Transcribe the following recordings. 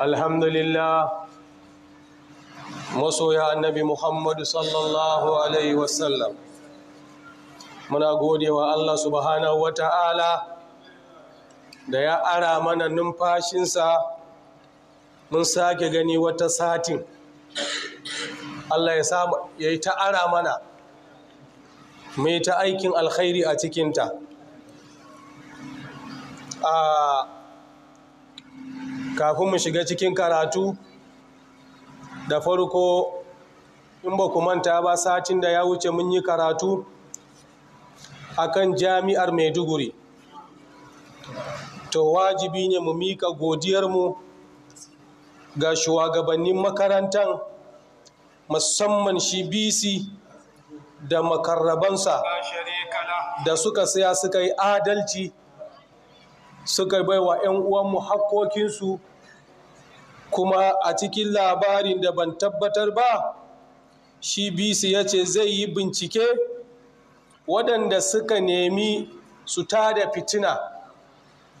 alhamdulillah masoya annabi muhammadu sallallahu alaihi wasallam muna godewa allah subhanahu wata'ala da ya ara mana numfashinsa mun sake gani wata satin allah ya yi ta ara mana mai ta aikin alkhairi a cikinta a ah, kafin mu shiga cikin karatu da farko in ba ku manta ba satin da ya wuce mun yi karatu a kan jami'ar maiduguri to wajibi ne mu mika godiyarmu ga shugabannin makarantar musamman shi bc da makarrabansa da suka saya suka yi adalci suka baiwa 'yan uwanmu hakkokinsu kuma a cikin labarin da ban tabbatar ba shi bisu ya ce zai yi bincike waɗanda suka nemi su tada fitina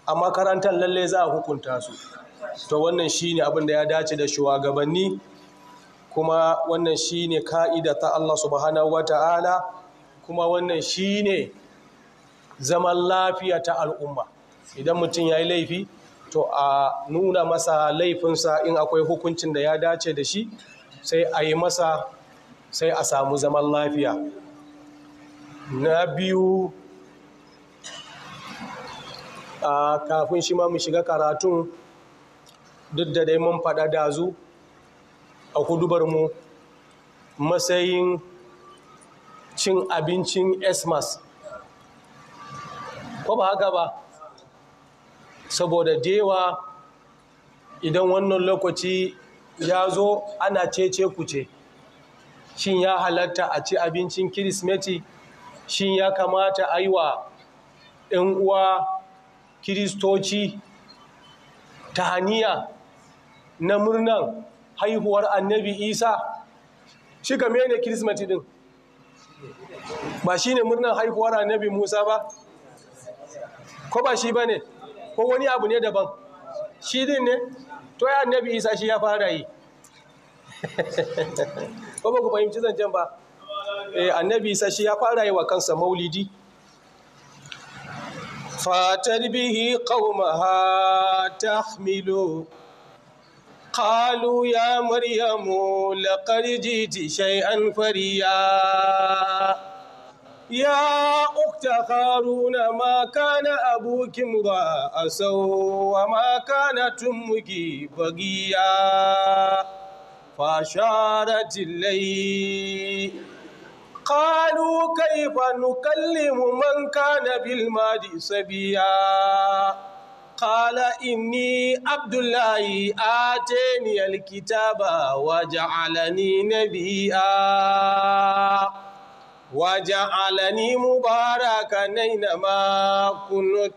a makarantar lalle za a hukunta su to wannan shine abin da ya dace da shugabanni kuma wannan shine ka'ida ta Allah subhanahu wata'ala kuma wannan shine zaman lafiya ta al'umma idan mutum ya yi laifi to a nuna masa laifinsa in akwai hukuncin da ya dace da shi sai a yi masa sai a samu zaman lafiya na biyu a kafin shi ma mu shiga karatun duk da dai mun faɗa dazu a hudubarmu matsayin cin abincin esmas ko ba haka ba saboda dewa idan wannan lokaci ya zo ana cece kuce shin ya halatta a ci abincin kirismeti shin ya kamata a yi wa uwa kiristoci ta haniya na murnan haihuwar annabi isa shi ka mene kirismeti din ba shi ne murnan haihuwar annabi musa ba ko ba shi ba ne ko wani abu ne daban shi din ne to ya annabi isa shi ya fara yi ko ba ku fahimci zancen ba eh annabi isa shi ya fara yi wa kansa maulidi fatar bihi qaumaha tahmilu قالوا يا مريم لقد جئت شيئا فريا يا أخت هارون ما كان أبوك امرأ سوء وما كانت أمك بغيا فأشارت إليه قالوا كيف نكلم من كان بالماضي سبيا قال إني عبد الله آتيني الكتاب وجعلني نبيا وجعلني مباركا أينما كنت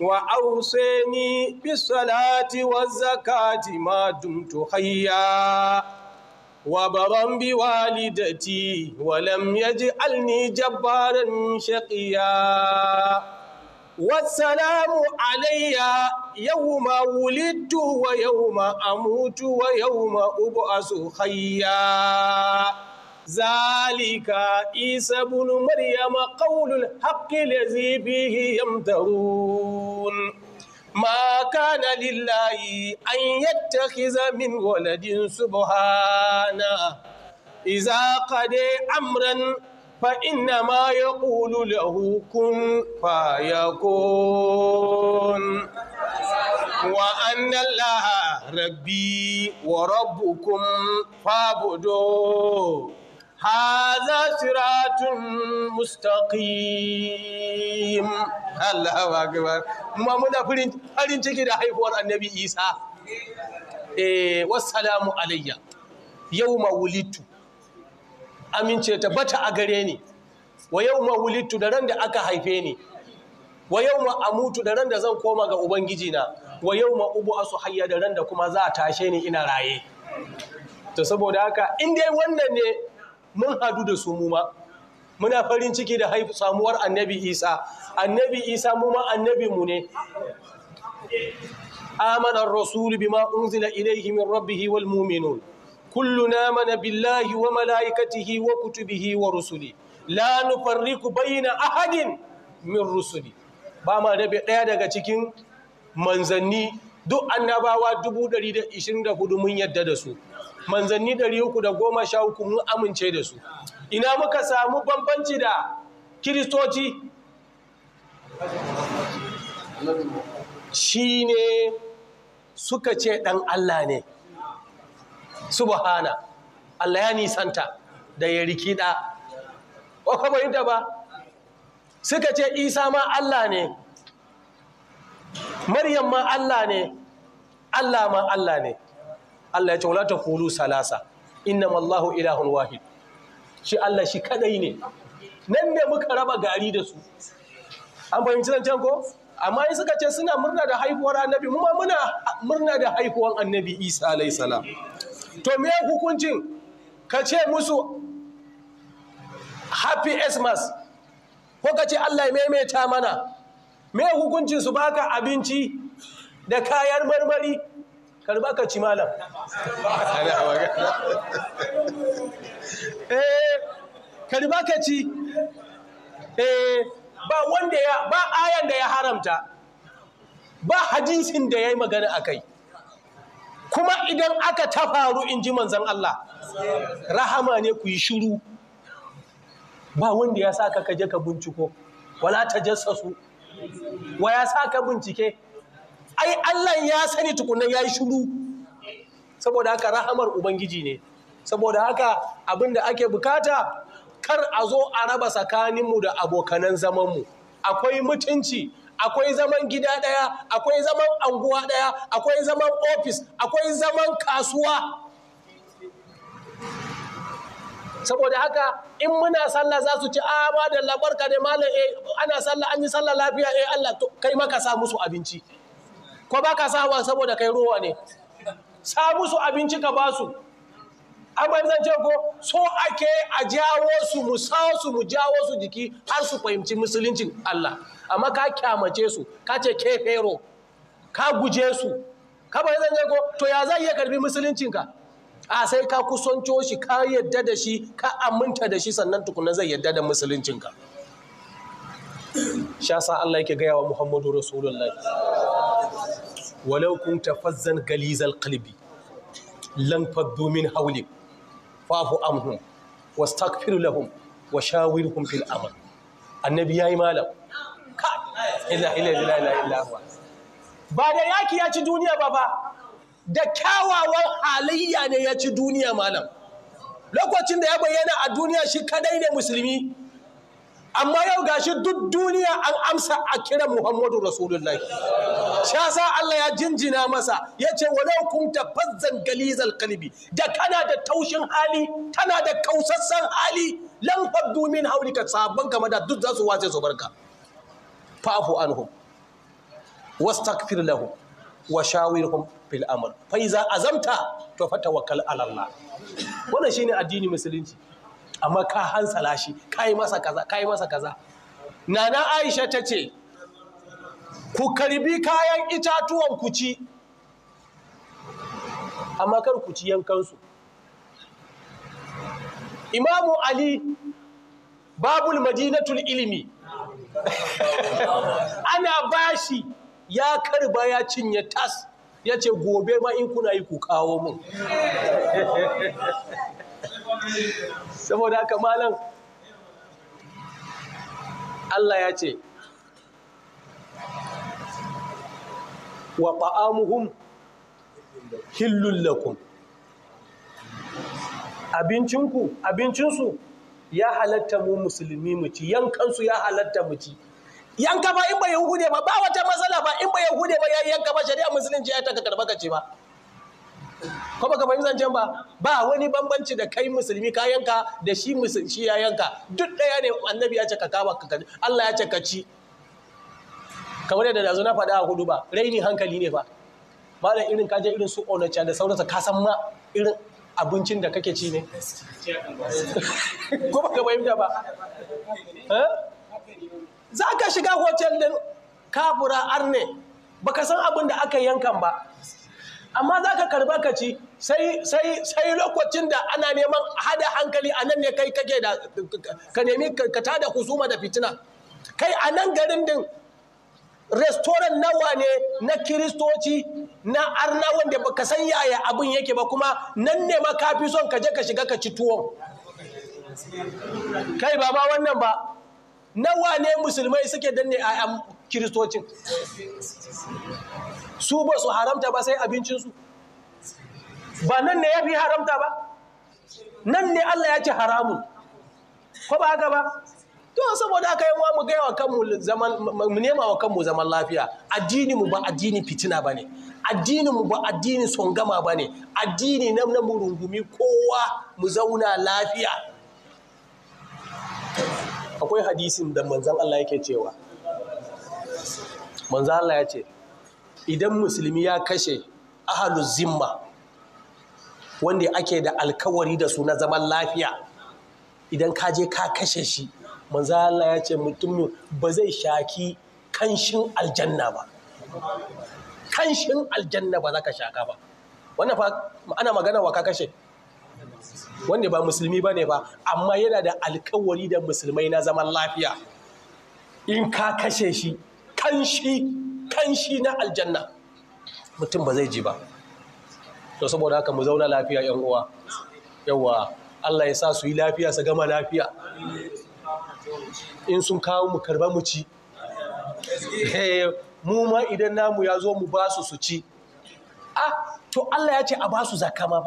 وأوصيني بالصلاة والزكاة ما دمت حيا وبرا بوالدتي ولم يجعلني جبارا شقيا والسلام علي يوم ولدت ويوم أموت ويوم أبعث حيا ذلك عيسى بن مريم قول الحق الذي به يمترون ما كان لله أن يتخذ من ولد سبحانه إذا قد أمرا فإنما يقول له كن فيكون وأن الله ربي وربكم فاعبدوه هذا صراط مستقيم الله أكبر ما منا فرين فرين تكيد حيفور النبي إيسا والسلام علي يوم ولدت amince ta bata a gare ni wa yau ma da ran da aka haife ni wa yau ma amutu da ran da zan koma ga ubangiji na. wa yau ma ubu asu hayya da ran da kuma za a tashe ni ina raye to saboda haka in dai wannan ne mun hadu da su muma. muna farin ciki da haifu samuwar annabi isa annabi isa muma annabi mu ne amana rasul bima unzila ilayhi min rabbihi wal mu'minun kulluna amana billahi wa malaikatihi wa kutubihi wa rusuli la nufarriqu bayna ahadin min rusuli ba ma rabe daya daga cikin manzanni duk annabawa hudu mun yadda da su manzanni 313 mun amince da su ina muka samu bambanci da kiristoci shi ne suka ce ɗan Allah ne subhana Allah ya nisanta da ya rikida ko kama yadda ba suka ce isa ma Allah ne maryam ma Allah ne Allah ma Allah ne Allah ya ce wala taqulu salasa innama Allahu ilahun wahid shi Allah shi kadai ne nan ne muka raba gari da su an fahimci zancen ko amma in suka ce suna murna da haihuwar annabi mu ma muna murna da haihuwar annabi Isa alayhi salam to me hukuncin ka ce musu happy Xmas ko ka ce Allah ya maimaita mana me hukuncin su baka abinci da kayan marmari karba ka ci malam eh karba ka ci eh ba wanda ya ba ayan da ya haramta ba hadisin da ya yi magana a kai kuma idan aka ta faru in ji manzan Allah rahama ne ku yi shiru ba wanda ya sa ka kaje ka binciko wala ta su, wa ya sa ka bincike ai Allah ya sani tukunan ya yi shuru saboda haka rahamar ubangiji ne saboda haka abinda ake bukata kar a zo a raba tsakaninmu da abokanan zamanmu akwai mutunci akwai zaman gida ɗaya akwai zaman anguwa ɗaya akwai zaman ofis akwai zaman kasuwa saboda haka in muna sallah za su ci a ah, ma da labarka da malam eh, ana sallah an yi sallah lafiya eh Allah kai maka sa musu abinci ko ba ka sawa saboda kai ruwa ne sa musu abinci ka ba su an zan ko so ake a jawo su mu sa su mu jawo su jiki har su fahimci musuluncin Allah amma ka kyamace su ka ce ke fero ka guje su ka bai zan ko to ya zai iya karbi musuluncin ka a sai ka kusanto shi ka yadda da shi ka aminta da shi sannan tukuna zai yadda da musuluncin ka sha sa Allah yake gaya wa Muhammadu Rasulullahi walau kunta fazzan galizal qalbi lan faddu min hawlik fa'fu amhum wastaghfir lahum wa shawirhum fil amr annabi yayi malam ka ila ila ila ba da yaki ya ci duniya da kyawawan halayya ne ya ci duniya malam lokacin da ya bayyana a duniya shi kadai ne musulmi amma yau gashi duk duniya an amsa a kiran muhammadu rasulullahi sha sa Allah ya jinjina masa ya ce walau kunta fazzan galizal kalbi da kana da taushin hali tana da kausassan hali lan faddu min haulika sabban kama da duk za su wace su barka fa'fu anhum wastaghfir lahum wa shawirhum fil amr fa iza azamta to fatawakkal ala Allah wannan shine addini musulunci amma ka hansala shi ka masa kaza ka masa kaza nana aisha ta ce ku karbi kayan itatuwan ku ci amma kar ku ci yankansu imamu ali babul madinatul ilimi ana bashi ya karba ya cinye tas yace gobe ma in kuna yi ku kawo mun saboda haka malam Allah ya ce wa ta'amuhum hillul lakum abincinku abincinsu ya halatta mu musulmi mu ci yankansu ya halatta mu ci yanka ba in ba yahude ba ba wata matsala ba in ba yahude ba ya ba shari'a musulunci ya taka karbaka ce ba ko baka fahimci zancen ba ba wani bambanci da kai musulmi ka yanka da shi musulci ya yanka duk ɗaya ne annabi ya ce ka ka Allah ya ce ka ci kamar yadda da na faɗa a hudu ba raini hankali ne fa malam irin kaje irin su onacha da sauransa ka san ma irin abincin da kake ci ne ko baka fahimta ba za ka shiga hotel din kafura arne baka san abin da aka yankan ba amma za ka karba ka ci sai lokacin da ana neman hada hankali a nan ne kai kake da ka nemi ka tada husuma da fitina kai a nan garin din restoran nawa ne na kiristoci na arna wanda baka san yaya abin yake ba kuma nan ne ma ka fi son ka je ka shiga ka ci tuwon kai ba ma wannan ba nawa ne musulmai suke danne a kiristocin su ba su haramta ba sai abincinsu ba nan ne ya fi haramta ba nan ne Allah ya ce haramun ko ba haka ba to saboda aka yawa mu gaya wa kanmu zaman mu nema wa kanmu zaman lafiya addini mu ba addini fitina bane addini mu ba addini songama bane addini nan na murungumi kowa mu zauna lafiya akwai hadisin da manzon Allah yake cewa manzon Allah ya ce idan musulmi ya kashe ahalu zimma wanda ake da alkawari da su na zaman lafiya idan ka je ka kashe shi manzo Allah ya ce mutum ba zai shaki kanshin aljanna ba kanshin aljanna ba za ka shaka ba wannan fa ana magana wa ka kashe wanda ba musulmi ba ne ba amma yana da alkawari da musulmai na zaman lafiya in ka kashe shi kanshi kanshi na aljanna mutum ba zai ji ba to saboda haka mu zauna lafiya yan uwa yawa Allah ya sa su yi lafiya su gama lafiya in sun kawo mu karba mu ci eh, mu ma idan namu ya zo mu ba su su ci ah to Allah ya ce a ba su zakka ba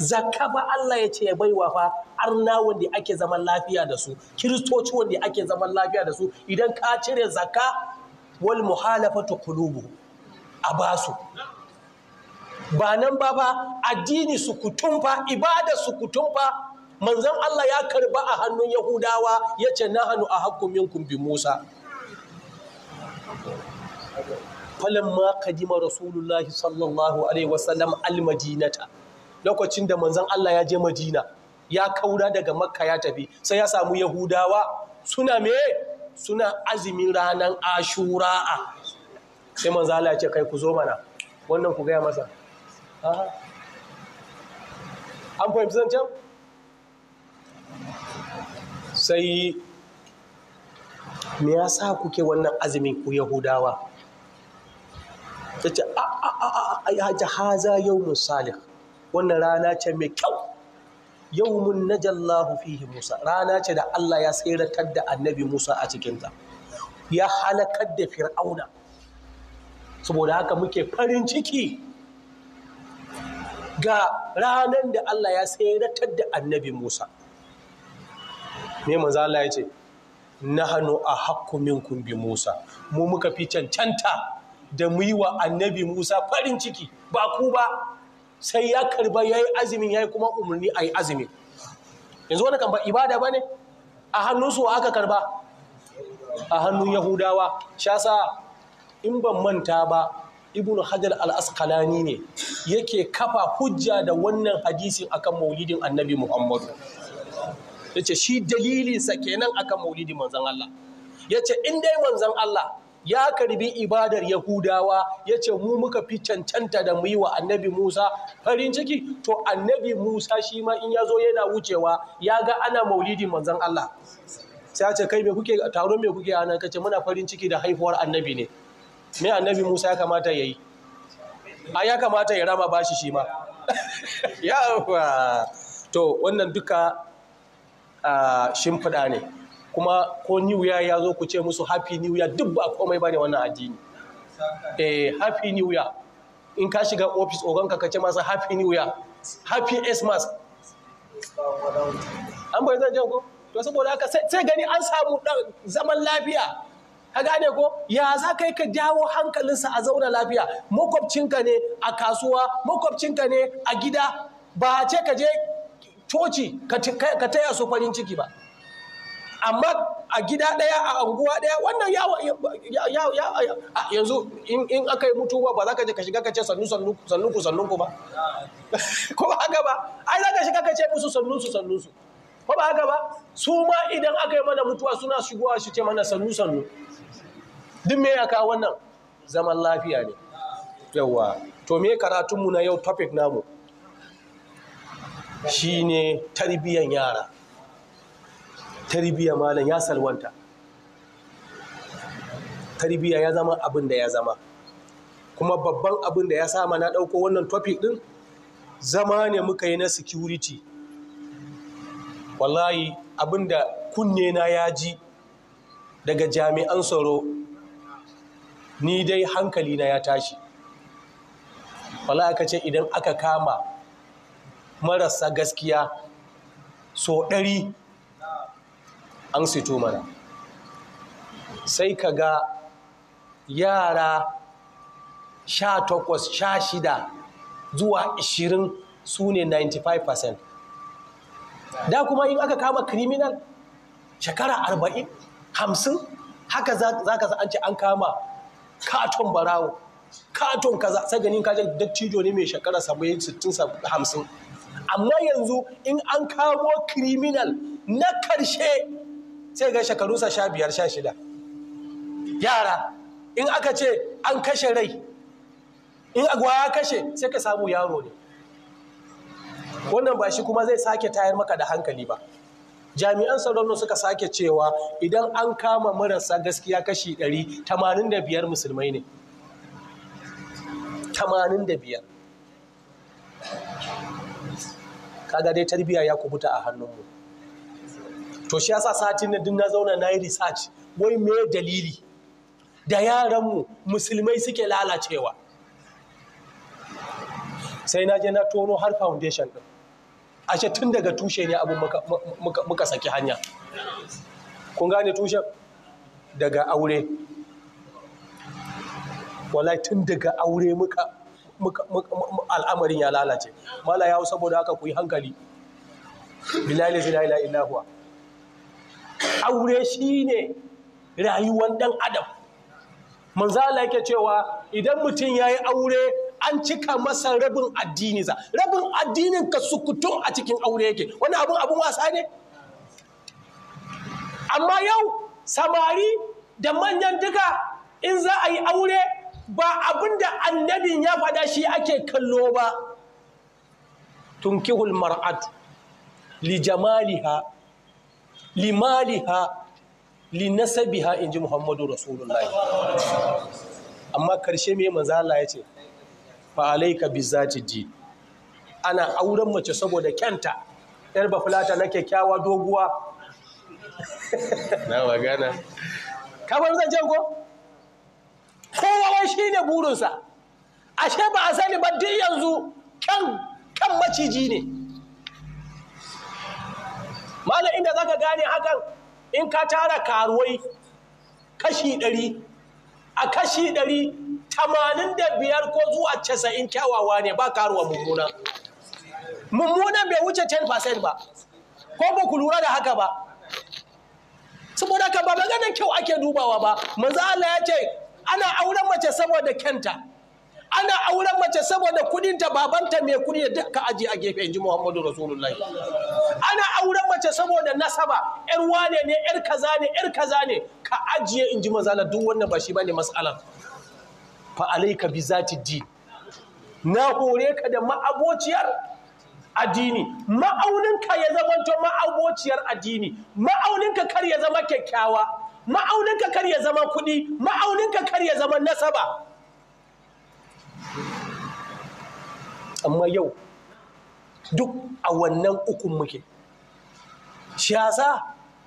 zakka ba Allah ya ce ya baiwa fa arna wanda ake zaman lafiya da su kiristoci wanda ake zaman lafiya da su idan ka cire zakka wal muhalafatu qulubu a basu ba nan ba ba addini su kutumfa ibada su kutumfa manzon Allah ya karba a hannun Yahudawa ya ce hannu a hakkum minkum bi Musa falamma kadima rasulullahi sallallahu alaihi wasallam almadinata lokacin da manzon Allah ya je Madina ya kaura daga Makka ya tafi sai ya samu Yahudawa suna me suna azumin ranar ashura'a sai manzo Allah ce kai ku zo mana wannan ku gaya masa an fahimci zancen sai me yasa kuke wannan azumin ku yahudawa ta ce a a a a haza yau musalih wannan rana ce mai kyau yawmun najallahu fihi Musa rana ce da Allah ya tseratar da annabi Musa a cikinta ya halakar da fir'auna saboda haka muke farin ciki ga ranar da Allah ya tseratar da annabi Musa ne manzo Allah ya ce hannu a hakkumin kumbi Musa mu muka fi cancanta da mu yi wa annabi Musa farin ciki ba ku ba sai ya karba ya yi azumin ya yi kuma umarni a yi azumin yanzu wani kan ba ibada ba ne a hannunsu aka karba a hannun yahudawa Sha shasa in ban manta ba ibn hajar al ne yake kafa hujja da wannan hadisin akan maulidin annabi muhammadu Ya ce shi dalilinsa kenan akan maulidin manzon Allah yace in dai manzon Allah ya karbi ibadar yahudawa ya ce mu muka fi cancanta da mu yi wa annabi musa farin ciki to annabi musa shi ma in ya zo yana wucewa ya ga ana maulidi manzon allah sai ce kai me kuke taron me kuke ana kace muna farin ciki da haifuwar annabi ne me annabi musa ya kamata ya yi a ya kamata ya rama bashi shi ma yawa to wannan duka ah, shimfiɗa ne kuma ko new year ya zo ku ce musu happy new year duk ba komai ba bane wannan addini eh happy new year in ka shiga office oganka ka ce masa happy new year happy xmas an bai zan ko to saboda haka sai gani an samu zaman lafiya ka gane ko ya za ka yi ka jawo hankalinsa a zauna lafiya makwabcinka ne a kasuwa makwabcinka ne a gida ba a ce ka je coci ka taya su farin ciki ba amma a gida ɗaya a anguwa ɗaya wannan a yanzu in aka yi mutuwa ba za ka je ka shiga ka ce sannu sannu ku sannu ku ba ko ba haka ba ai za ka shiga ka ce musu sannu su sannu su ko ba haka ba su ma idan aka yi mana mutuwa suna shigowa su ce mana sannu sannu duk me ya kawo wannan zaman lafiya ne yawa to me karatunmu na yau topic namu shine tarbiyyar yara tarbiya malam ya salwanta tarbiyya ya zama abin da ya zama kuma babban abin da ya sama na dauko wannan topic din zama ne muka yi na security wallahi abin da kunne na ya ji daga jami'an tsaro ni dai hankali na ya tashi wallahi aka ce idan aka kama marasa gaskiya so ɗari an sito mana sai ka ga yara sha takwas sha shida zuwa ishirin su ne 95% da kuma in aka kama criminal shekara arba'in hamsin haka za ka an ce an kama katon barawo katon kaza sai ganin kajan dattijo ne mai shekara 70 hamsin amma yanzu in an kamo criminal na karshe sai ga sa sha biyar sha shida yara in aka ce an kashe rai in agwa ya kashe sai ka samu yaro ne wannan ba shi kuma zai sake tayar maka da hankali ba jami'an tsaron suka sake cewa idan an kama marasa gaskiya kashi 185 musulmai ne 85 kaga dai tarbiyya ya kubuta a hannunmu to shi yasa satin nan din na zauna na yi research wai me dalili da yaranmu musulmai suke lalacewa sai na je na tono har foundation din ashe tun daga tushe ne abin muka saki hanya kun gane tushe? daga aure wallahi tun daga aure muka al'amarin ya lalace mala yawo saboda haka ku yi hankali bilali zina ila illa huwa aure shi ne rayuwar ɗan adam manzala yake cewa idan mutum ya yi aure an cika masa rabin addini za rabin addinin ka sukutun a cikin aure yake wani abun abin wasa ne amma yau samari da manyan duka in za a yi aure ba abin da annabin ya faɗa shi ake kallo ba tunkihul mar'ad li jamaliha limaliha linasabiha inji muhammadu rasulullahi amma karshe mai manzala ya ce fa alayka bizati di ana auren mace saboda kyanta yar ba fulata na kyakkyawa doguwa na magana kamar zan jango kowa wai ne burinsa ashe ba a sani ba duk yanzu kan maciji ne malam inda zaka gane hakan in ka tara karuwai kashi ɗari a kashi ɗari tamanin da biyar ko zuwa casa'in kyawawa ne ba karuwa mummuna mummunan bai wuce 10% ba ko ba ku lura da haka ba saboda ka ba maganin kyau ake dubawa ba manzo Allah ya ce ana auren mace saboda kyanta ana auren mace saboda kudinta babanta mai kudi da ka aji a gefe inji Muhammadu Rasulullahi ana auren mace saboda nasaba yar wane ne yar kaza ne yar kaza ne ka ajiye inji mazala duk wannan ba shi bane mas'alan fa alayka bi zati din na hore ka da ma'abociyar addini ma'auninka ya zama zamanto ma'abociyar addini ma'auninka kar ya zama kyakkyawa ma'auninka kar ya zama kuɗi ma'auninka kar ya zama nasaba amma yau duk a wannan ukun muke shi yasa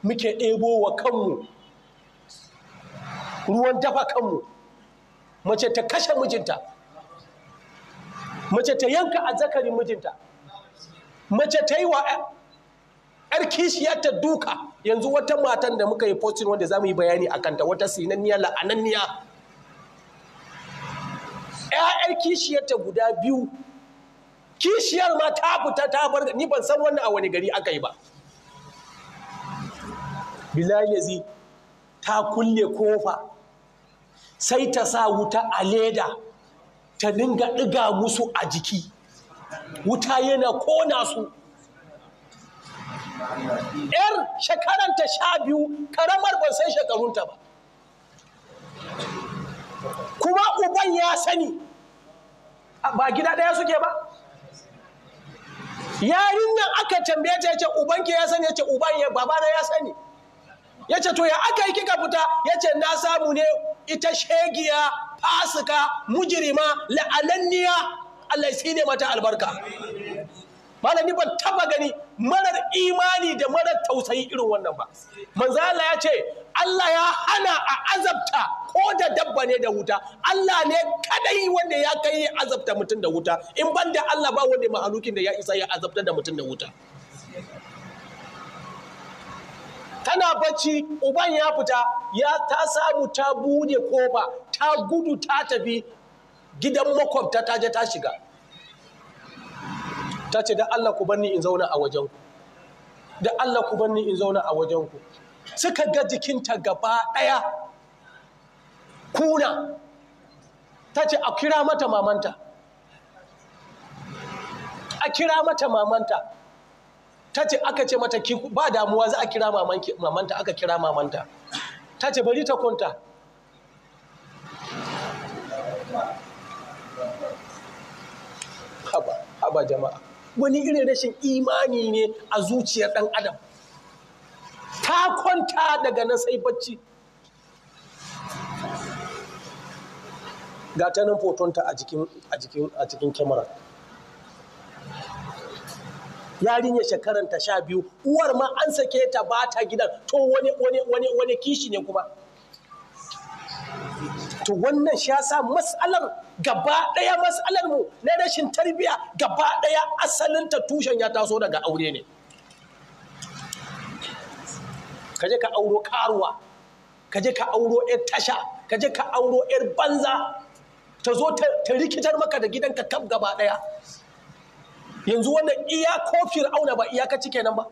muke ɗebo wa kanmu ruwan dafa kanmu mace ta kashe mijinta mace ta yanka a zakarin mijinta mace ta yi wa yar kishiyarta duka yanzu wata matan da muka yi postin wanda za mu yi bayani a kanta wata sinanniya la'ananniya ƴaƴar kishiyarta guda biyu kishiyar ma ta fita ta bar ni ban san wannan a wani gari aka yi ba bilalazi ta kulle kofa sai ta sa wuta a leda ta dinga ɗiga musu a jiki wuta yana kona su ‘yar shekaranta sha biyu karamar ban san shekarunta ba kuma uban ya sani ba gida ɗaya suke ba nan aka tambaye ta yace ubanki ya sani yace uban ya babana ya sani yace to ya aka yi kika fita yace na samu ne ita shegiya fasika mujirima la'ananniya Allah ya mata albarka malami ban taba gani marar imani da marar tausayi irin wannan ba manzala ya ce Allah ya hana a azabta ko da dabba ne da wuta Allah ne kadai wanda ya kai ya azabta mutum da wuta in ban da Allah ba wanda mahalukin da ya isa ya azabta da mutum da wuta tana bacci uban ya fita ya ta samu ta bude kofa ta gudu ta tafi gidan makwabta ta je ta shiga ta ce da Allah ku banni in zauna a wajen ku da Allah ku banni in zauna a wajen ku suka ga jikinta gaba ɗaya kuna ta ce a kira mata mamanta a kira mata mamanta ta ce aka ce mata ba damuwa za a kira mamanta aka kira mamanta ta ce bari ta Haba, haba jama'a wani irin rashin imani ne a zuciyar ɗan adam ta kwanta daga na sai bacci ga tanin fotonta a jikin kyamara yarinya shekaranta sha biyu uwar ma an sake ta ba ta gidan to wani kishi ne kuma to wannan shi yasa mas'alar gaba ɗaya mas'alar mu na rashin tarbiyya. gaba ɗaya ta tushen ya taso daga aure ne kaje ka auro karuwa kaje ka auro yar tasha kaje ka auro yar banza ta zo ta rikitar maka da gidanka kaf gaba ɗaya yanzu wannan iya ko auna ba iyaka cike nan ba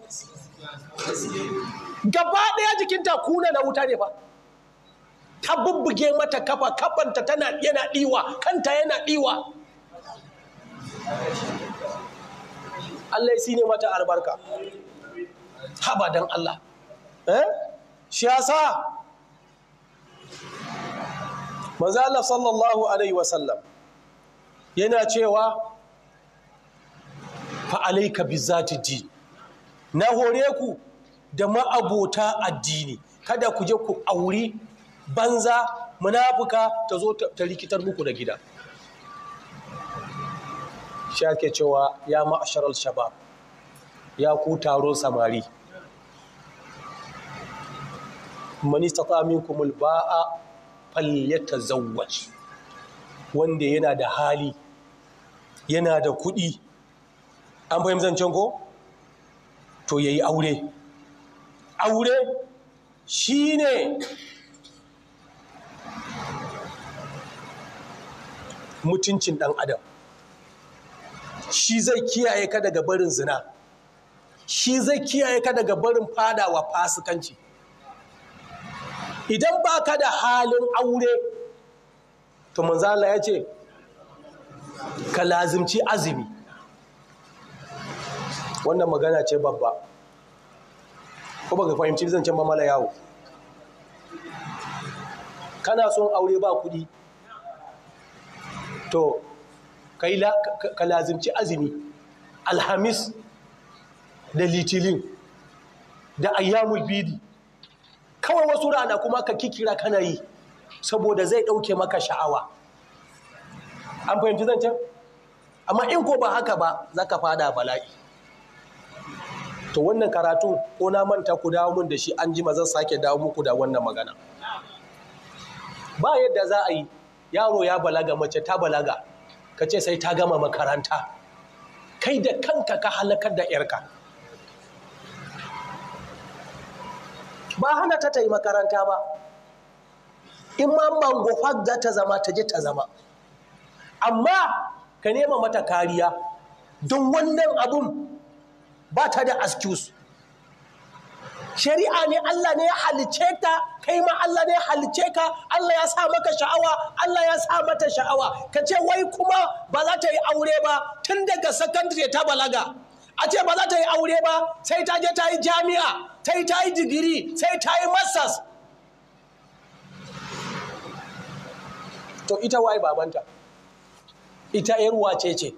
gaba ɗaya jikinta kuna na wuta ne ba ta bubbuge mata kafa kafanta tana yana ɗiwa kanta yana ɗiwa Allah ya ne mata albarka haba don Allah eh shi yasa manzo Allah sallallahu alaihi wasallam yana cewa fa alayka ta din na hore ku da ma'abota addini kada ku je ku auri banza munafuka ta zo ta rikitar muku da gida shi ake cewa ya ma'asharar shabab ya ku taron samari manista minkumul ba'a falyata zawwaj wanda yana da hali yana da kuɗi an fahimci zancen ko to yayi aure aure shine mutuncin ɗan adam shi zai kiyaye ka daga barin zina shi zai kiyaye ka daga barin fadawa fasikanci idan ba ka da halin aure to manzala ya ce ka lazimci azumi wannan magana ce babba ko ka fahimci zancen ba mala yawo kana son aure ba kuɗi to ka lazimci azumi alhamis da litilin da ayyamul bidi kawai wasu rana kuma ka kikira kana yi saboda zai dauke maka sha'awa an fahimci zancen amma in ko ba haka ba za ka fada bala'i to wannan karatu ko na manta ku dawo mun da shi an ji zan sake dawo muku da wannan magana ba yadda za a yi yaro ya balaga mace ta balaga ka ce sai ta gama makaranta kai da kanka ka halakar da yarka ba hana ta ta yi makaranta ba in ma gofak za ta zama ta je ta zama amma ka nema mata kariya don wannan abun ba ta da excuse shari'a ne Allah ne ya halice ta kai ma Allah ne ya halice ka Allah ya sa maka sha'awa Allah ya sa mata sha'awa ka ce wai kuma ba za ta yi aure ba tun daga sakandare ta balaga a ce ba za ta yi aure ba sai ta je ta yi jami'a yi ta yi digiri sai ta yi masters to ita waye babanta ita yar wace ce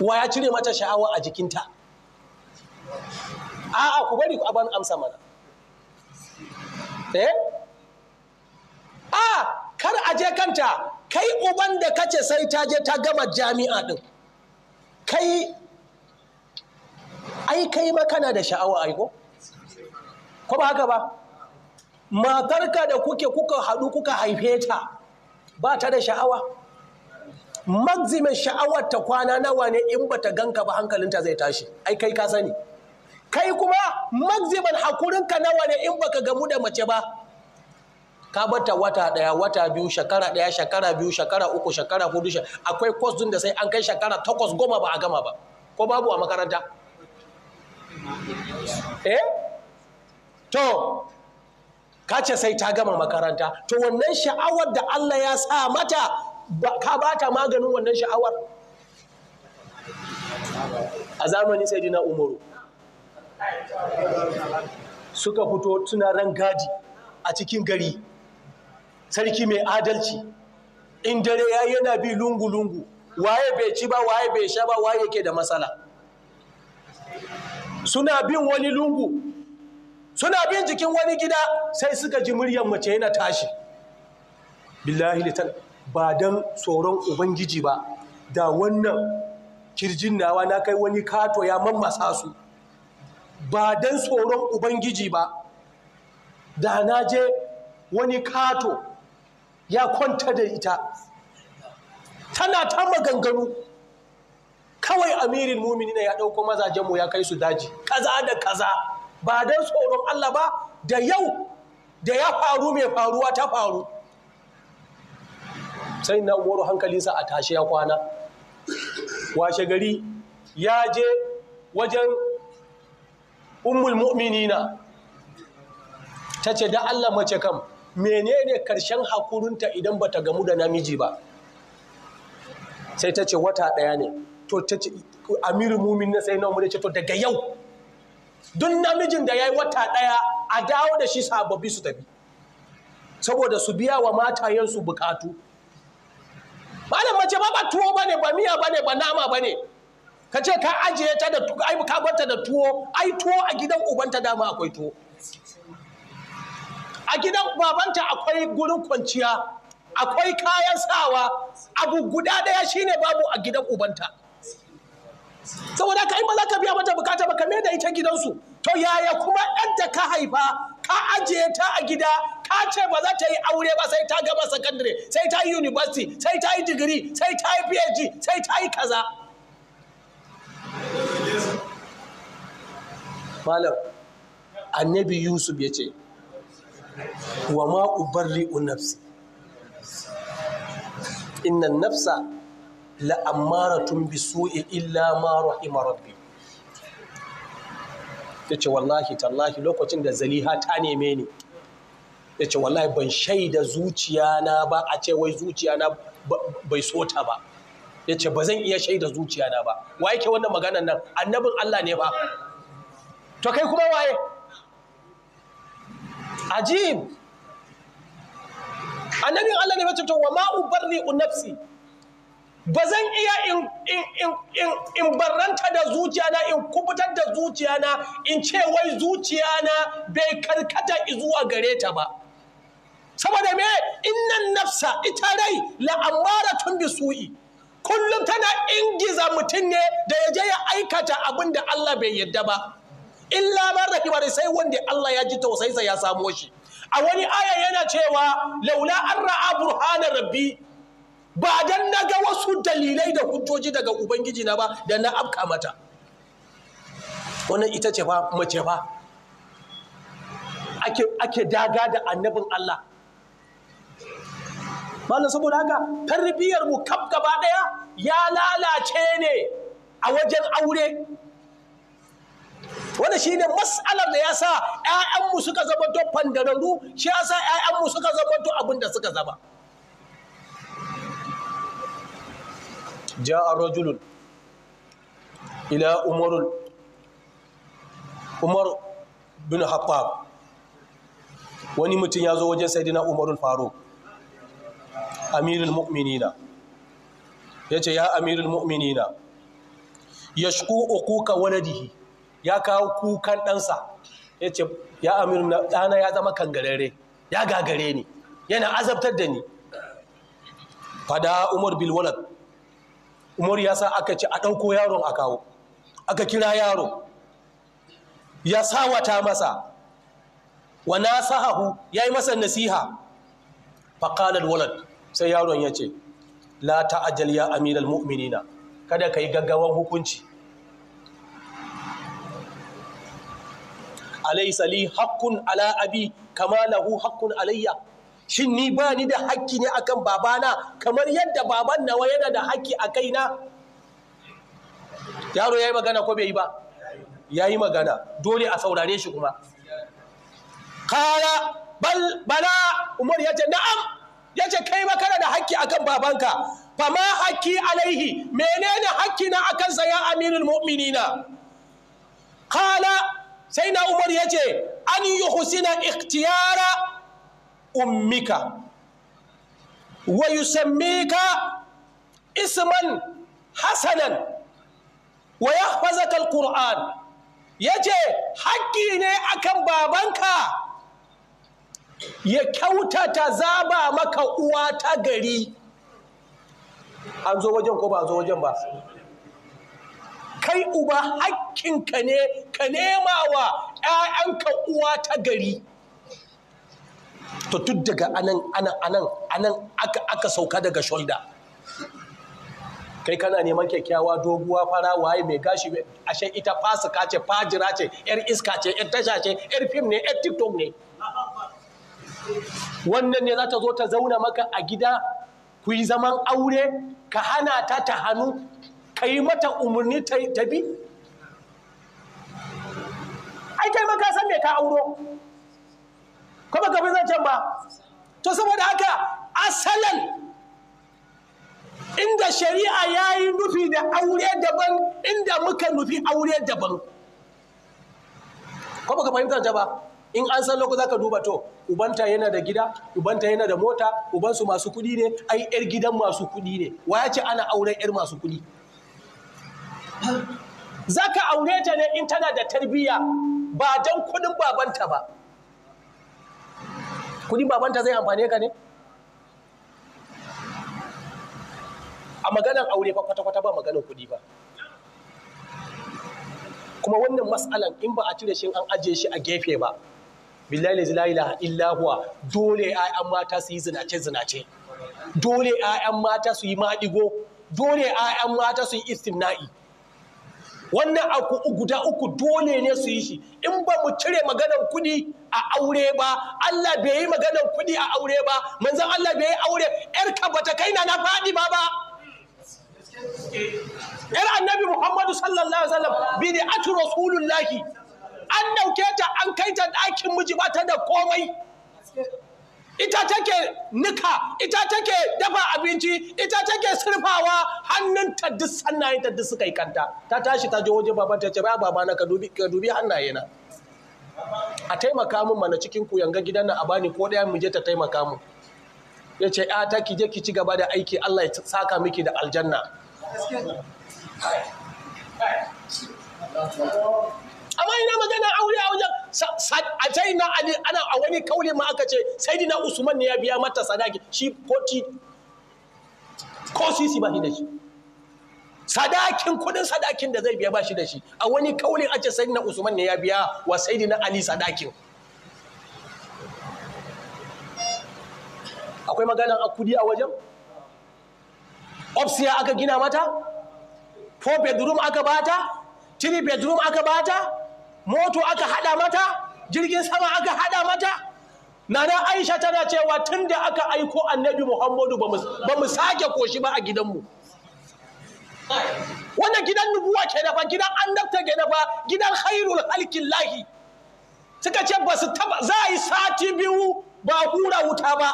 wa ya cire mata sha'awa a jikinta a'a ku bari ku aban amsa mana eh a kar a je kanta kai uban da kace sai ta je ta gama jami'a din kai ai kai ma kana da sha'awa ai ko ko ba haka ba matarka da kuke kuka haɗu kuka haife ta ba ta da sha'awa Magzimin sha'awar ta kwana nawa ne in bata ganka ba hankalinta zai tashi ai kai ka sani kai kuma maziban hakurinka nawa ne in baka gamu da mace ba ka bata wata daya wata biyu shekara daya shekara biyu shekara uku shekara hudu akwai kwas din da sai an kai shekara takwas goma ba a gama ba ko babu a makaranta eh to ka ce sai ta gama makaranta to wannan sha'awar da Allah ya sa mata ka bata maganin wannan sha'awar a zamani sai dina umaru suka fito ran gadi a cikin gari sarki mai adalci in dare ya yana bi lungu-lungu waye bai ci ba waye bai sha ba waye ke da matsala suna bin wani lungu suna bin jikin wani gida sai suka ji muryar mace yana tashi billahi tal ba don tsoron ubangiji ba da wannan kirjin nawa na kai wani kato ya mammasa su ba don tsoron ubangiji ba da na je wani kato ya kwanta da ita tana ta maganganu kawai amirin ne ya ɗauko mazajenmu ya kai su daji kaza da kaza ba don tsoron Allah ba da yau da ya faru mai faruwa ta faru sai na umaru hankalinsa a tashe ya kwana washe gari ya je wajen ummul mu'minina ta da Allah mace kam menene karshen hakurunta idan bata gamu da namiji ba sai ta wata ɗaya ne to ta ce mu'minin sai na mu ce to daga yau duk namijin da ya yi wata ɗaya a dawo da shi sababbi su tafi saboda su biya wa matayensu bukatu malam mace ba ba tuwo ba ba miya ba ba nama ba ka ce ka ajiye ta da ai ka da tuwo ai tuwo a gidan ubanta dama akwai tuwo a gidan babanta akwai gurin kwanciya akwai kayan sawa abu guda daya shine babu a gidan ubanta saboda ka ba za ka biya mata bukata ba ka da ita gidansu to yaya kuma yadda da ka haifa ka ajiye ta a gida ka ce ba za ta yi aure ba sai ta gama sakandare sai ta yi university sai ta yi digiri sai ta yi phd sai ta yi kaza malam annabi yusuf ya ce wa ma ubarri'u nafsi inna nafsa la'ammaratun bi su'i illa ma rahima rabbi ce wallahi tallahi lokacin da zaliha ta neme ni ce wallahi ban shaida zuciya na ba a ce wai zuciya na bai sota ba Ya ce ba zan iya shaida zuciya na ba wa yake wannan maganar nan annabin Allah ne ba to kai kuma waye ajib annabi Allah ne mace to wa ma ubarri nafsi ba iya in barranta da zuciyana in kubutar da zuciyana in ce wai zuciyana bai karkata zuwa gare ta ba saboda me innan nafsa ita rai la la'amaratun bisu'i kullum tana ingiza mutum ne da ya je ya aikata abin da Allah bai yadda ba In labar da kibari sai wanda Allah ya ji tausayinsa ya samo shi a wani aya yana cewa laula an ra'a burhanar rabbi ba dan na ga wasu dalilai da hujjoji daga ubangiji na ba da na afka mata wannan ita ce fa mace fa ake ake daga da annabin Allah malam saboda haka tarbiyyar mu kaf gaba daya ya lalace ne a wajen aure wanda shine mas'alar da yasa 'ya'yanmu suka zama to fandararru shi yasa 'ya'yanmu suka zama abin da suka zama ja'a rajulun ila umarun umar bin hattab wani mutum ya zo wajen saidina umarun faruk amirul mu'minina ya ce ya amirul mu'minina ya shku ukuka waladihi ya kawo kukan ɗansa ya ce ya amiru ɗana ya zama kan kangarare ya gagare ni yana azabtar da ni fada umar bilwalad umar ya sa aka ce a ɗauko yaron a kawo aka kira yaro ya sawata masa wa na nasahahu ya yi masa nasiha faƙalar walad sai yaron ya ce la ta'ajal ya amiral mu'minina kada ka yi gaggawan hukunci alaysa li haqqun ala abi kama lahu haqqun alayya shin ni ba ni da haƙƙi ne akan babana kamar yadda baban nawa yana da haƙƙi a kaina yaro yayi magana ko bai yi ba yayi magana dole a saurare shi kuma kala bal bala umar yace na'am yace kai ma kana da hakki akan babanka fama hakki alaihi menene hakki na akan sa ya amirul mu'minina sai na umar ya ce an yi husina ikhtiyara ummika wa yusammika isman hasanan wa yahfazaka alquran yace haƙƙi ne akan babanka ya kyautata zaba maka uwa ta gari an zo wajen ko ba zo wajen ba kai uba hakkinka ne ka nema wa ‘ya'yanka uwa ta gari to duk daga anan anan anan aka, sauka daga shoulder kai kana neman kyakkyawa doguwa fara waye mai gashi ashe ita fasika ce fajira ce yar iska ce yar tasha ce yar fim ne yar tiktok ne wannan ne za ta zo ta zauna maka a gida ku yi zaman aure ka hana ta ta hannu ka yi mata umarni ta bi ai kai maka san me ka auro ko baka bi zancen ba to saboda haka asalan inda shari'a ya yi nufi da aure daban inda muka nufi aure daban ko ka fahimta ta ba in an san lokaci zaka duba to ubanta yana da gida ubanta yana da mota ubansu masu kuɗi ne ai yar gidan masu kuɗi ne waya ce ana auren yar masu kuɗi za ka aure ta ne in tana da tarbiyya ba don kudin babanta ba kudin babanta zai amfane ka ne a maganar aure ba kwata-kwata ba maganar kudi ba kuma wannan matsalan in ba a cire shi an ajiye shi a gefe ba billahi la ilaha illa huwa dole ayan mata su yi zinace zinace dole ayan mata su yi maɗigo dole ayan mata su yi istimna'i wannan aku guda uku dole ne su yi shi in ba mu cire maganar kuɗi a aure ba Allah bai yi maganar kuɗi a aure ba manzon Allah bai yi aure 'Yar ka bata kai na na faɗi ba ba yar annabi Muhammadu sallallahu alaihi wasallam bid'atu rasulullahi an dauke ta an kai ta ɗakin miji ba ta da komai ita take nika ita take dafa abinci ita take surfawa hannunta duk sannayenta duk suka yi kanta ta tashi ta je wajen baban ta ce ba baba na ka dubi ka dubi a taimaka mun mana cikin ku yanga gidan nan a bani ko daya mu je ta taimaka mun ya ce ya ta ki je ki ci gaba da aiki Allah ya saka miki da aljanna amma ina magana aure a wajen a jaina ali ana a wani kauli ma aka ce dina usman ne ya biya mata sadaki shi koti ko sisi ba shi da shi sadakin kudin sadakin da zai biya ba shi da shi a wani kauli a ce sayyidina usman ne ya biya wa dina ali sadakin akwai maganan akudi a wajen opsiya aka gina mata 4 bedroom aka bata 3 bedroom aka bata moto aka hada mata jirgin sama aka hada mata nana aisha tana cewa tun da aka aiko annabi muhammadu ba mu sake koshi ba a gidanmu wannan gidan nubuwa ke nafa gidan annabta ke nafa gidan khairul halkin lahi suka ce ba su taba za a yi sati biyu ba hura wuta ba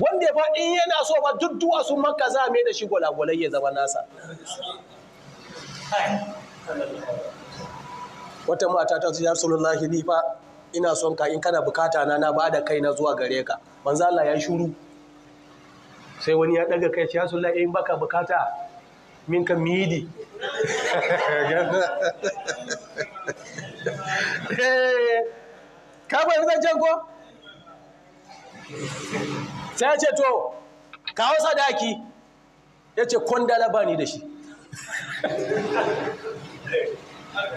wanda ya faɗi yana so ba duk duwatsun maka za mai da shi gwalagwalai ya zama nasa wata mata ta ce ya rasulullahi fa ina son ka in kana bukata na na ba da kai na zuwa gare ka manzo Allah ya shuru sai wani ya daga kai ya rasulullahi in baka bukata min ka midi eh, ka ba zan ko sai ce to kawo sadaki ya ce kwandala ba ni da shi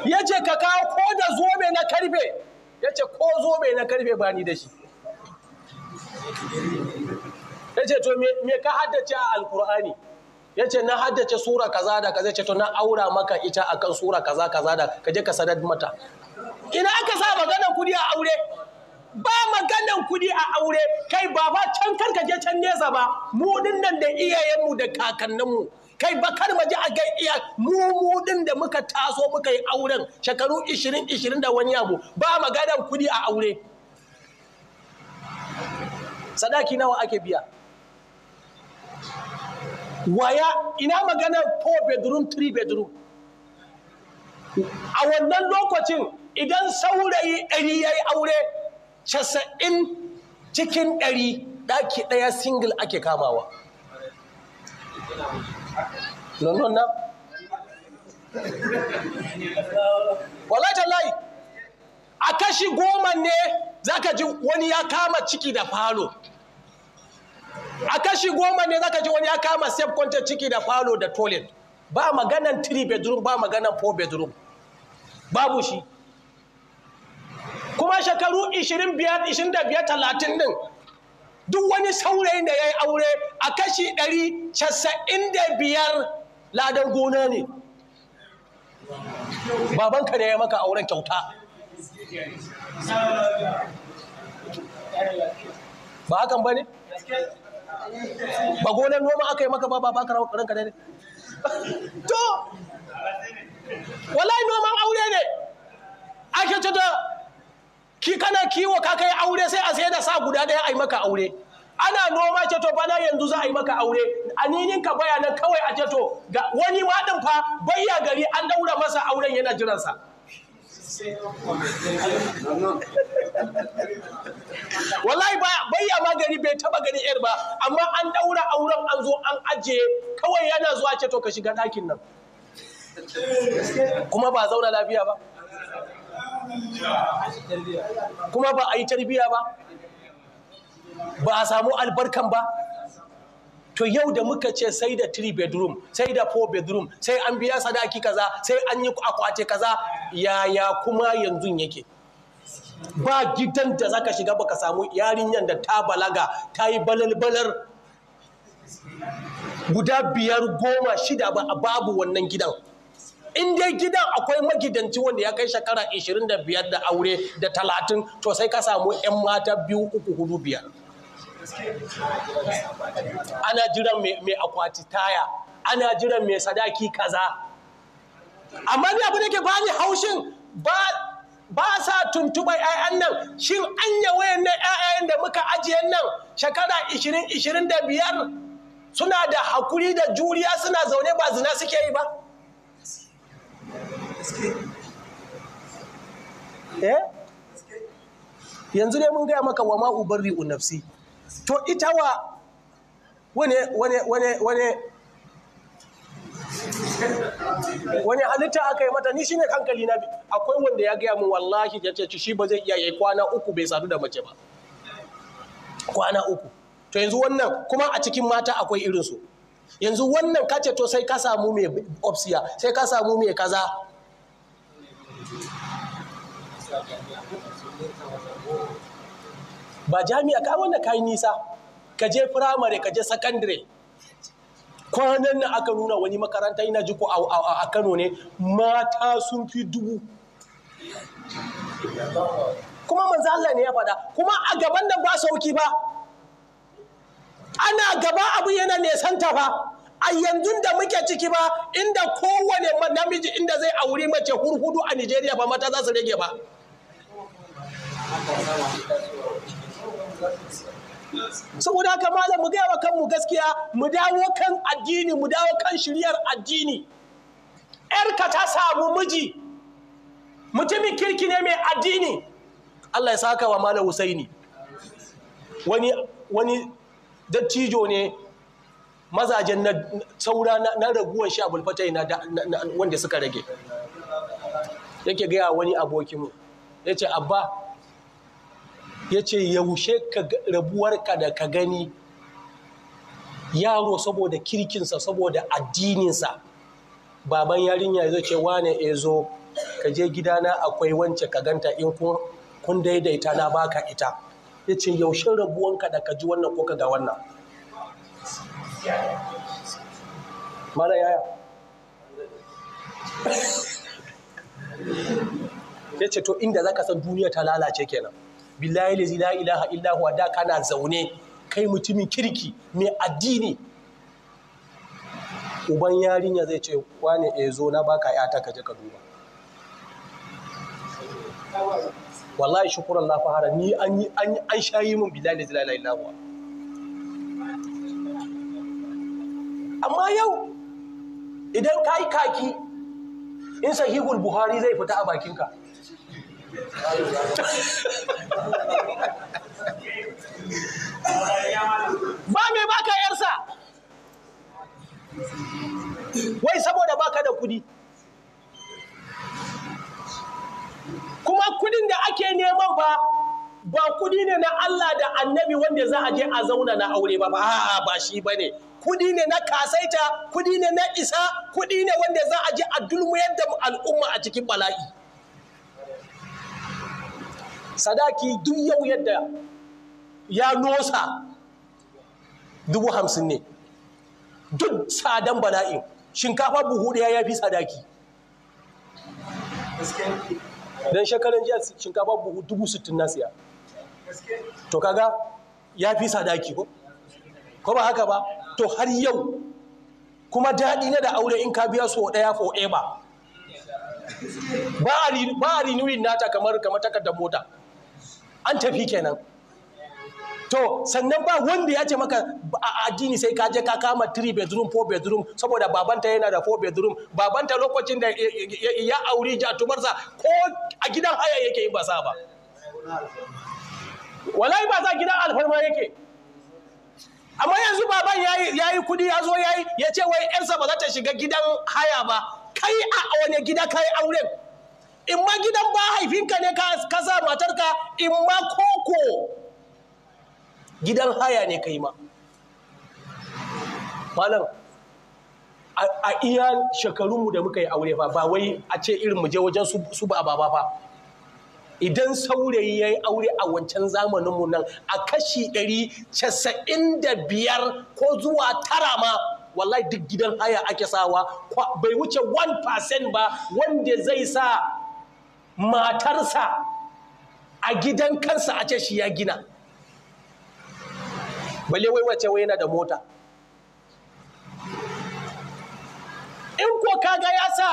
ya ce ka kawo ko da zobe na karfe ya ce ko zobe na karfe ba ni da shi ya ce to me ka haddace a alkur'ani ya ce na haddace sura kaza da kaza ce to na aura maka ita akan sura kaza kaza da kaje ka sadar mata ina aka sa magana kudi a aure ba maganan kuɗi a aure kai ba ba can karka je can nesa ba mu nan da iyayenmu da kakanninmu kai ba kar maji a ga iya mu mu din da muka taso muka yi auren shekaru 20 20 da wani abu ba maganan kuɗi a aure sadaki nawa ake biya waya ina magana 4 bedroom 3 bedroom a wannan lokacin idan saurayi ɗari ya yi aure casa'in cikin ɗari ɗaki ɗaya single ake kamawa nonon na wallahi a kashi goma ne zaka ji wani ya kama ciki da falo a kashi goma ne zaka ji wani ya kama safe content ciki da falo da toilet ba maganan 3 bedroom ba maganan 4 bedroom babu shi kuma shekaru 25 25 30 din duk wani saurayin da ya yi aure a kashi 195 ladan gona ne babanka da ya maka auren kyauta ba hakan ba ne ba gonar noma aka yi maka ba ba ka ranka ne to wallahi noman aure ne ake ce ki kana kiwo ka kai aure sai a sai da sa guda ɗaya a yi maka aure ana noma ce to bana yanzu za a yi maka aure aninin ka baya kawai a ce to ga wani ma din fa bayya gari an daura masa auren yana jiran sa wallahi bayya ma gari bai taba gani yar ba amma an daura auren an zo an ajiye kawai yana zuwa ce to ka shiga ɗakin nan kuma ba zauna lafiya ba kuma ba a yi tarbiya ba ba a samu albarkan ba to yau da muka ce sai da 3 bedroom sai da 4 bedroom sai an biya sadaki kaza sai an yi akwate kaza yaya kuma yanzu yake ba gidan da zaka shiga baka samu yarinyar da ta balaga ta yi balalbalar guda biyar goma shida ba a babu wannan gidan in dai gidan akwai magidanci wanda ya kai shekara 25 da aure da 30 to sai ka samu 'yan mata biyu uku hudu biyar ana jiran mai akwati taya ana jiran mai sadaki kaza amma ni abu da ke bani haushin ba ba sa tuntuɓar 'ya'yan nan shin anya wayan nan 'ya'yan da muka ajiye nan shekara 20-25 suna da hakuri da juriya suna zaune ba zina suke yi ba Eh? yanzu ne mun gaya maka wa ma'u barri nafsi to ita wa wane wane wane wane wane halitta aka yi mata ni shi ne hankali na akwai wanda ya gaya mu wallahi ya ce shi ba zai iya yi kwana uku bai sadu da mace ba kwana uku to yanzu wannan kuma a cikin mata akwai irinsu yanzu wannan kace to sai ka samu mai opsiya sai ka samu mai kaza ba jami'a ka wannan kai nisa ka je firamare ka je sakandare kwanan nan aka nuna wani makaranta ina jiko a kano ne mata sun fi dubu kuma manzo Allah ne ya faɗa kuma a gaban nan ba sauki ba ana gaba abu yana nesanta fa a yanzu da muke ciki ba inda kowane namiji inda zai auri mace hurhudu a Nigeria ba mata za su rage ba saboda haka malam mu gaya wa kanmu gaskiya mu dawo kan addini mu dawo kan shiryar addini yarka ta samu miji mutumin kirki ne mai addini Allah ya saka wa malam Husaini wani dattijo ne mazajen na saura na raguwar sha bulfatai na wanda suka rage yake gaya wani abokinmu ya ce abba ya ce yaushe rabuwarka da ka gani yaro saboda kirkinsa saboda addininsa baban yarinya ya ce wane ya eh, zo ka je gidana akwai wance ka ganta in kun daidaita na baka ita ya ce yaushe rabuwanka da ka ji wannan ko ka ga wannan yace yaya ya ce to inda za ka san duniya ta lalace kenan billahi la ilaha illa huwa da kana zaune kai mutumin kirki mai addini uban yarinya zai ce wane e zo na baka yata ka je ka duba wallahi shukuran la fahara ni an yi an an shayi min billahi da ilaha amma yau idan ka kaki in sahihul buhari zai fita a bakinka ba me baka yarsa wai saboda baka da kudi kuma kudin da ake neman ba ba kudi ne na Allah da annabi wanda za a je a zauna na aure ba ba ba shi kudi ne na kasaita kudi ne na isa kudi ne wanda za a je a dulmuyar da al'umma a cikin bala'i sadaki duk yau yadda ya nosa dubu hamsin ne duk tsadan bala'in shinkafa buhu ya fi sadaki don shekaran jiya shinkafa buhu dubu sittin na siya to kaga ya fi sadaki ko ko ba haka ba to har yau kuma daɗi na da aure in ka biya so ɗaya forever ba a renewing nata kamar kamar takardar mota an tafi kenan to sannan ba wanda ya ce maka a addini sai ka je ka kama 3 bedroom 4 bedroom saboda babanta yana da 4 bedroom babanta lokacin da ya auri tumarsa ko a gidan haya yake yi ba sa ba wallahi ba za gidan alfarma yake amma yanzu baban ya yi kudi ya zo ya yi ya ce wai yarsa ba za ta shiga gidan haya ba kai a wani gida kai auren in ma gidan ba haifinka ne ka sa matarka in ma koko gidan haya ne kai ma malam a iya shekarunmu da muka yi aure fa ba wai a ce irin mu je wajen su ba baba fa idan saurayi ya yi aure a wancan zamaninmu nan a kashi ɗari casa'in da biyar ko zuwa tara ma wallahi duk gidan haya ake sawa bai wuce 1% ba wanda zai sa matarsa a gidan kansa a ce shi ya gina balle wai wace wai yana da mota in ko kaga ya sa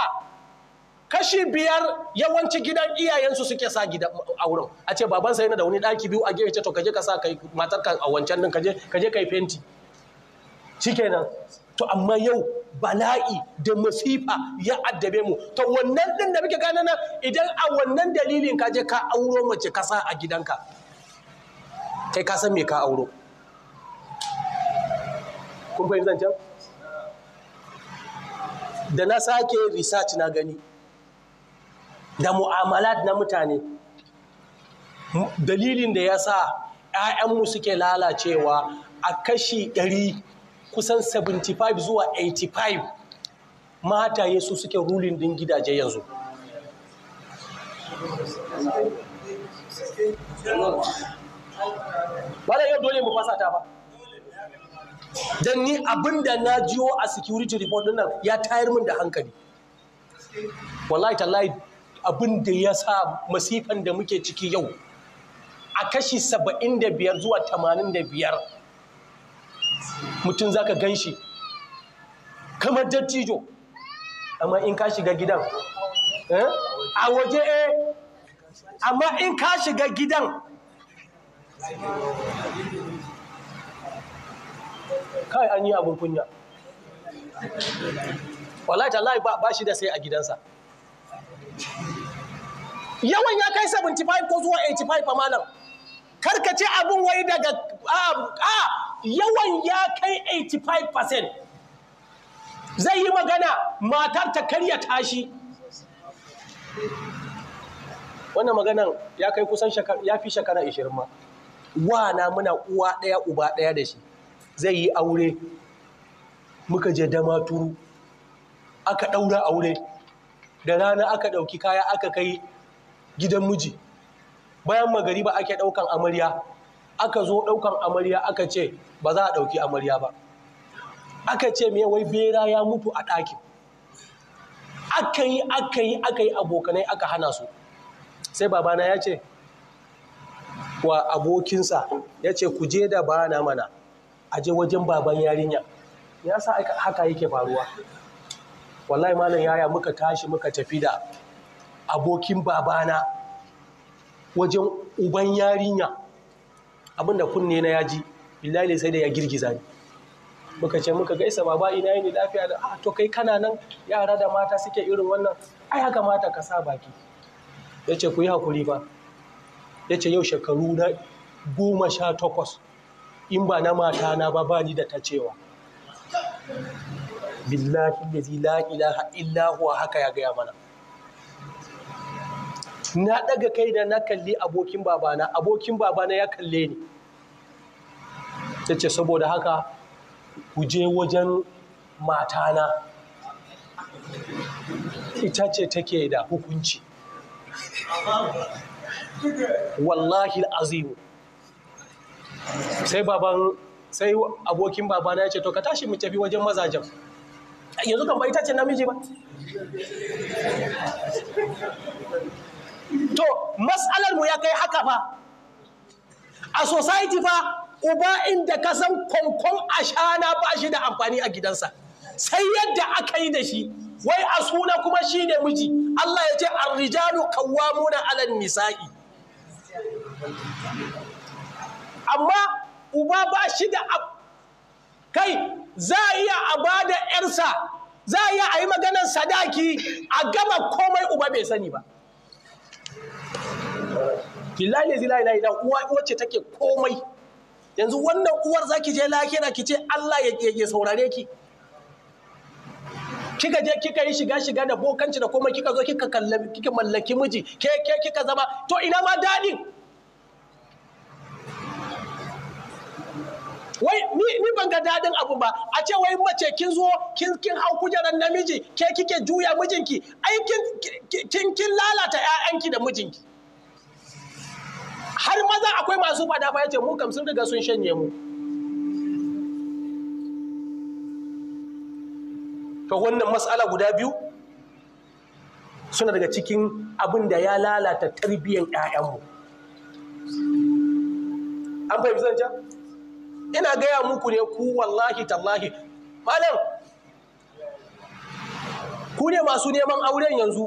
kashi biyar yawanci gidan iyayensu suke sa gidan auren a ce babansa yana da wani daki biyu a gefe to kaje ka sa kai matar ka a wancan din kaje kaje kai fenti shikenan to amma yau bala'i da masifa ya addabe mu to wannan din da muke gane nan idan a wannan dalilin kaje ka auro mace kasa a gidanka kai ka san me ka auro kun fahimci zancen da na sake research na gani da mu'amala na mutane dalilin da ya sa 'ya'yanmu suke lalacewa a kashi ɗari kusan 75 zuwa 85 mataye su suke rulin din gidaje yanzu Bala yau dole mu fasa ta ba. don ni abin da na jiyo a security report nan ya tayar min da hankali wallahi tallahi abin da ya sa masifan da muke ciki yau a kashi 75 zuwa 85, mutum zaka ganshi kamar dattijo amma in ka shiga gidan eh, a waje eh amma in ka shiga gidan kai an yi abin kunya wallahi tallahi ba shi da sai a gidansa yawan ya kai 75 ko zuwa 85 a malam karkace abin wai daga a yawan ya kai 85% zai yi magana matar ta karya tashi wannan maganan ya kai kusan ya fi shekara 20 ma wana muna uwa ɗaya uba ɗaya da shi zai yi aure muka je damaturu aka ɗaura aure da rana aka ɗauki kaya aka kai gidan miji bayan magari ba ake ɗaukan amarya aka zo ɗaukan amarya aka ce ba za a ɗauki amarya ba aka ce me wai bera ya mutu a ɗakin aka yi aka yi aka yi abokanai aka hana su sai babana ya ce wa abokinsa ya ce ku je da bana mana Aje wajen baban yarinya ya sa haka yake faruwa wallahi malam yaya muka tashi muka tafi da abokin babana wajen uban yarinya abinda kunne na yaji billahi sai da ya girgiza ni muka ce muka gaisa baba ina yi lafiya da ah to kai kana nan yara da mata suke irin wannan ai haka mata ka sa baki yace ku yi hakuri ba yace yau shekaru na goma sha takwas in ba na mata na ba ba ni da ta cewa billahi lazi la ilaha illa huwa haka ya gaya mana na daga kai da na kalli abokin babana abokin babana ya kalle ni ta saboda haka ku je wajen matana ita ce take da hukunci wallahi azim sai baban sai abokin babana ya ce to ka tashi mu tafi wajen mazajen yanzu kan ba ita namiji ba to matsalar mu ya kai haka fa a society fa uba inda ka san kwankwan ashana ba shi da amfani a gidansa sai yadda aka yi da shi wai a suna kuma shi ne miji Allah ya ce arrijalu kawwamuna alal nisa'i amma uba ba shi da kai za a iya a ba da ‘yarsa za a iya a yi maganar sadaki a gama komai uba bai sani ba billahi zila ila ila uwa wacce take komai yanzu wannan uwar za ki je lahira ki ce Allah ya saurare ki kika je kika yi shiga shiga da bokanci da komai kika zo kika mallaki miji ke kika zama to ina ma dadin wai ni ban ga dadin abu ba a ce wai mace kin zo kin kin hau kujerar namiji ke kike juya mijinki ai kin kin lalata ƴaƴanki da mijinki har maza akwai masu fada ba yace mu kam sun riga sun shanye mu to wannan matsala guda biyu suna daga cikin abin da ya lalata tarbiyyar ƴaƴanmu an fahimci zancen ina gaya muku ne ku wallahi tallahi malam ku ne masu neman auren yanzu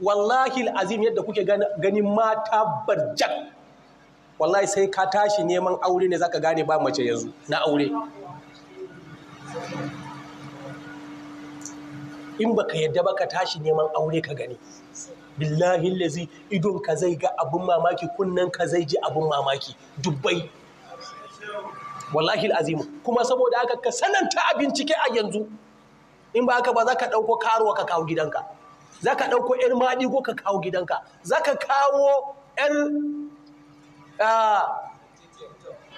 wallahi azim yadda kuke ganin mata barjak wallahi sai ka tashi neman aure ne zaka gane ba mace yanzu na aure in baka yadda baka tashi neman aure ka gani billahi lazi idon ka zai ga abin mamaki kunnen ka zai ji abin mamaki dubbai wallahi azimu kuma saboda haka ka sananta a bincike a yanzu in ba haka ba za ka ɗauko karuwa ka kawo gidanka za ka ɗauko ‘yan ko ka kawo gidanka za ka kawo ‘yan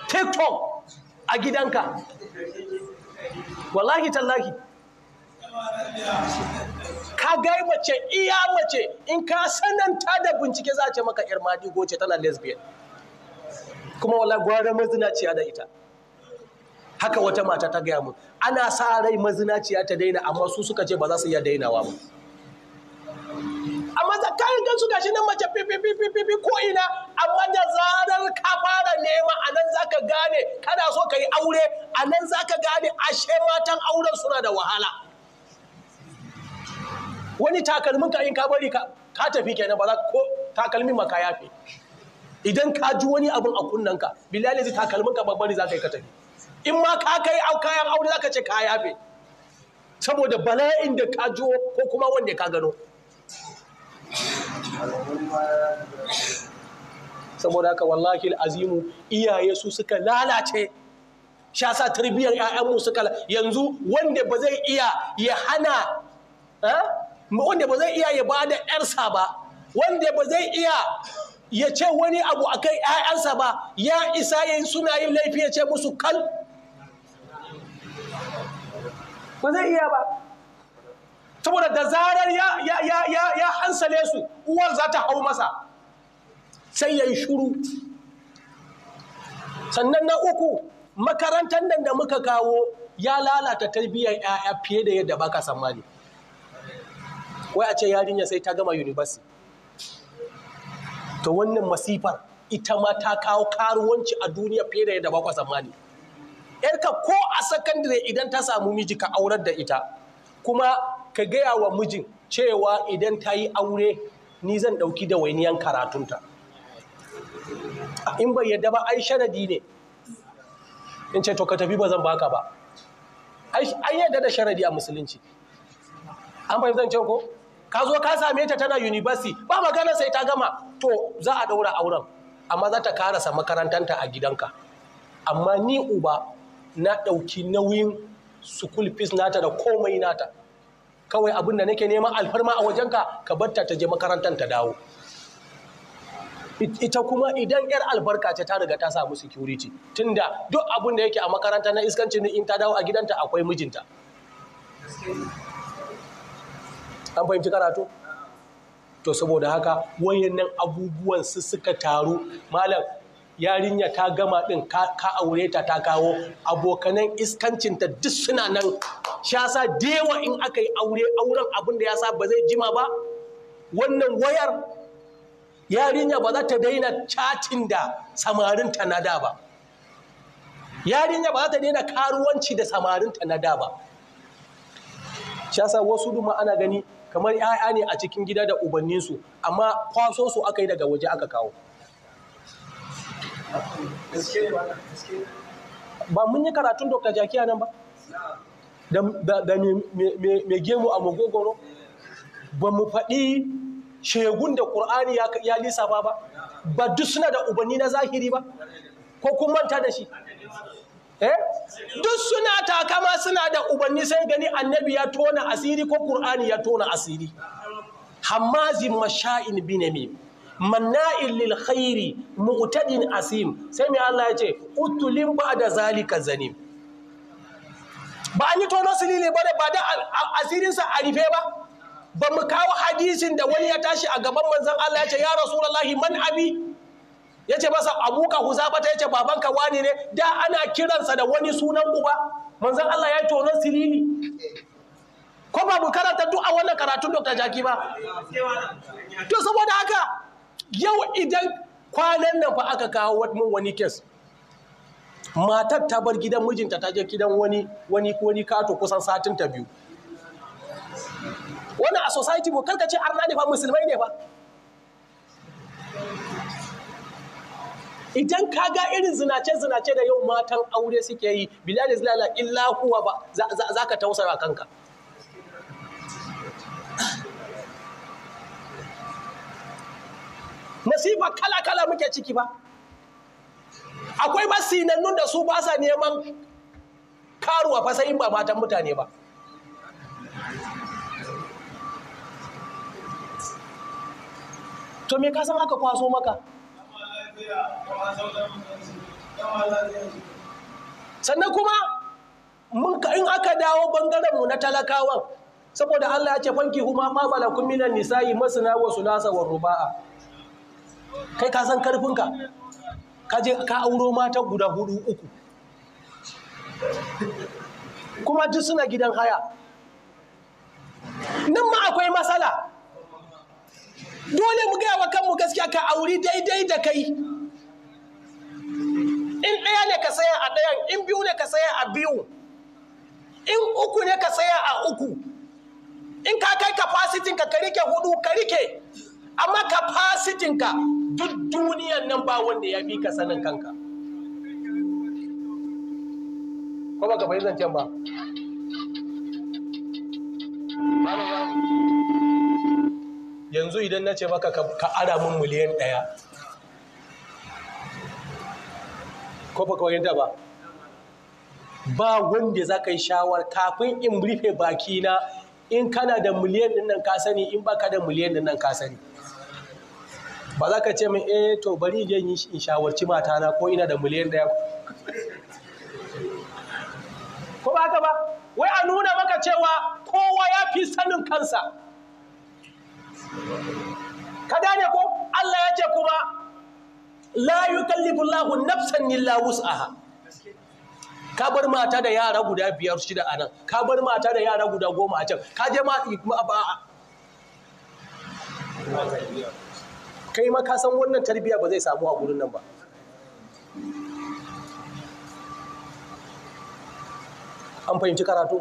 tiktok a gidanka wallahi tallahi ka gai mace iya mace in ka sananta da bincike za a ce maka ‘yar ko ce tana lesbian kuma wallahi gwara mazina ciya da ita haka wata mata ta gaya mu ana sa rai mazinaciya ta daina amma su suka ce ba za su iya dainawa ba amma za kayan gansu gashi nan mace pipipipipi ko ina amma da zarar ka fara nema a nan za ka gane kana so ka yi aure a nan za ka gane ashe matan auren suna da wahala wani takalmin ka in ka bari ka tafi kenan ba za ko takalmin ma ka yafe idan ka ji wani abin a kunnanka bilali zai takalmin ka babbari za ka yi ka tafi in ma ka kai kayan aure zaka ce ka yafe saboda bala'in da ka jo ko kuma wanda ka gano saboda haka wallahi azimu iyaye su suka lalace sha sa tarbiyyar ƴaƴanmu suka yanzu wanda ba zai iya ya hana eh? wanda ba zai iya ya ba da ƴarsa ba wanda ba zai iya ya ce wani abu akan ƴaƴansa ba ya isa yayin suna yin laifi ya ce musu kal ba zai iya ba saboda da zarar ya hansale su uwar za ta hau masa sai ya yi shuru sannan na uku makarantar nan da muka kawo ya lalata tarbiyyar 'ya'ya fiye da yadda baka tsammani wai a ce yarinya sai ta gama yunibasi. to wannan masifar ita ma ta kawo karuwanci a duniya fiye da yadda baka tsammani yarka ko a sakandare idan ta samu miji ka aurar da ita kuma ka gaya wa mijin cewa idan ta yi aure ni zan ɗauki da wainiyan karatunta in bai yadda ba ai sharadi ne in ce to ka tafi ba zan baka ba Ai yadda da sharadi a musulunci an zan ce ko ka zo ka same ta tana university ba magana sai ta gama to za a ɗaura auren amma za ta karasa makarantanta a gidanka amma ni uba na ɗauki nauyin sukul fees nata da komai nata kawai abin da nake neman alfarma a wajenka ka batta ta je makarantar ta dawo ita kuma idan yar albarka ce ta riga ta samu security tunda duk abin da yake a makaranta na iskancin in ta dawo a gidanta akwai mijinta an fahimci karatu to saboda haka wayannan abubuwan su suka taru malam yarinya ta gama ɗin ka aure ta ta kawo abokanan iskancinta duk suna nan shasa dewa in aka yi aure auren abin da ya sa ba zai jima ba wannan wayar yarinya ba za ta daina chatin da samarinta na da ba yarinya ba za ta daina karuwanci da samarinta na da ba shasa wasu duma ana gani kamar 'ya'ya ne a cikin gida da ubanninsu amma kwaso su aka yi daga waje aka kawo ba mun yi karatun dr jakiya nan ba da mai gemu a magogoro ba mu faɗi shegun da ƙur'ani ya lisa ba ba duk suna da ubanni na zahiri ba ko kun manta da shi eh duk suna takama suna da ubanni sai gani annabi ya tona asiri ko ƙur'ani ya tona asiri hamazin masha'in binamim manna'il lil khairi mu'tadin asim sai mai Allah ya ce utulin ba da zalika zanim ba an yi tono silili ba da ba da asirinsa a rufe ba ba mu kawo hadisin da wani ya tashi a gaban manzon Allah ya ce ya rasulullahi man abi ya ce masa abuka ta ya ce babanka wani ne da ana kiransa da wani sunan uba manzon Allah ya tonon silili ko ba karanta duk a wannan karatun Dr. Jaki ba to saboda haka yau idan kwanan nan fa aka kawo mun wani kes matar ta bar gidan mijinta ta je gidan wani wani wani kato kusan satin ta biyu wannan a society ko karka ce arna ne fa musulmai ne fa idan ka ga irin zinace zinace da yau matan aure suke yi bilal zilala illa huwa ba za ka tausara kanka masifa kala-kala muke ciki ba akwai masinannun da su ba sa neman karuwa fa sai ba matan mutane ba to me ka san aka kwaso maka sannan kuma in aka dawo bangaren mu na talakawan saboda Allah ya ce fanki huma ma balakun minan nisa'i na wasu nasa wa ruba'a kai ka san karfinka ka je ka auro mata guda hudu uku kuma duk suna gidan haya nan ma akwai matsala dole mu gaya wa kanmu gaskiya ka auri daidai da kai in ɗaya ne ka saya a ɗayan in biyu ne ka saya a biyu in uku ne ka saya a uku in ka kai kafasitin ka ka rike hudu ka rike amma capacity ka duk duniyan nan ba wanda ya fi ka sanin kanka ko ba ka bai zancen ba yanzu idan na ce maka ka ara mun miliyan ɗaya ko ba ka ba ba wanda za ka yi shawar kafin in rufe bakina in kana da miliyan ɗin nan ka sani in baka da miliyan ɗin nan ka sani ba za ka ce min eh to bari je in shawarci matana ko ina da miliyan ɗaya ko ba ka ba wai a nuna maka cewa kowa ya fi sanin kansa ka gane ko Allah ya ce kuma la yukallifu Allahu nafsan illa wus'aha ka bar mata da yara guda biyar shida a nan ka bar mata da yara guda goma a can ka je ma kai ma ka san wannan tarbiya ba zai samu a gurin nan ba an fahimci karatu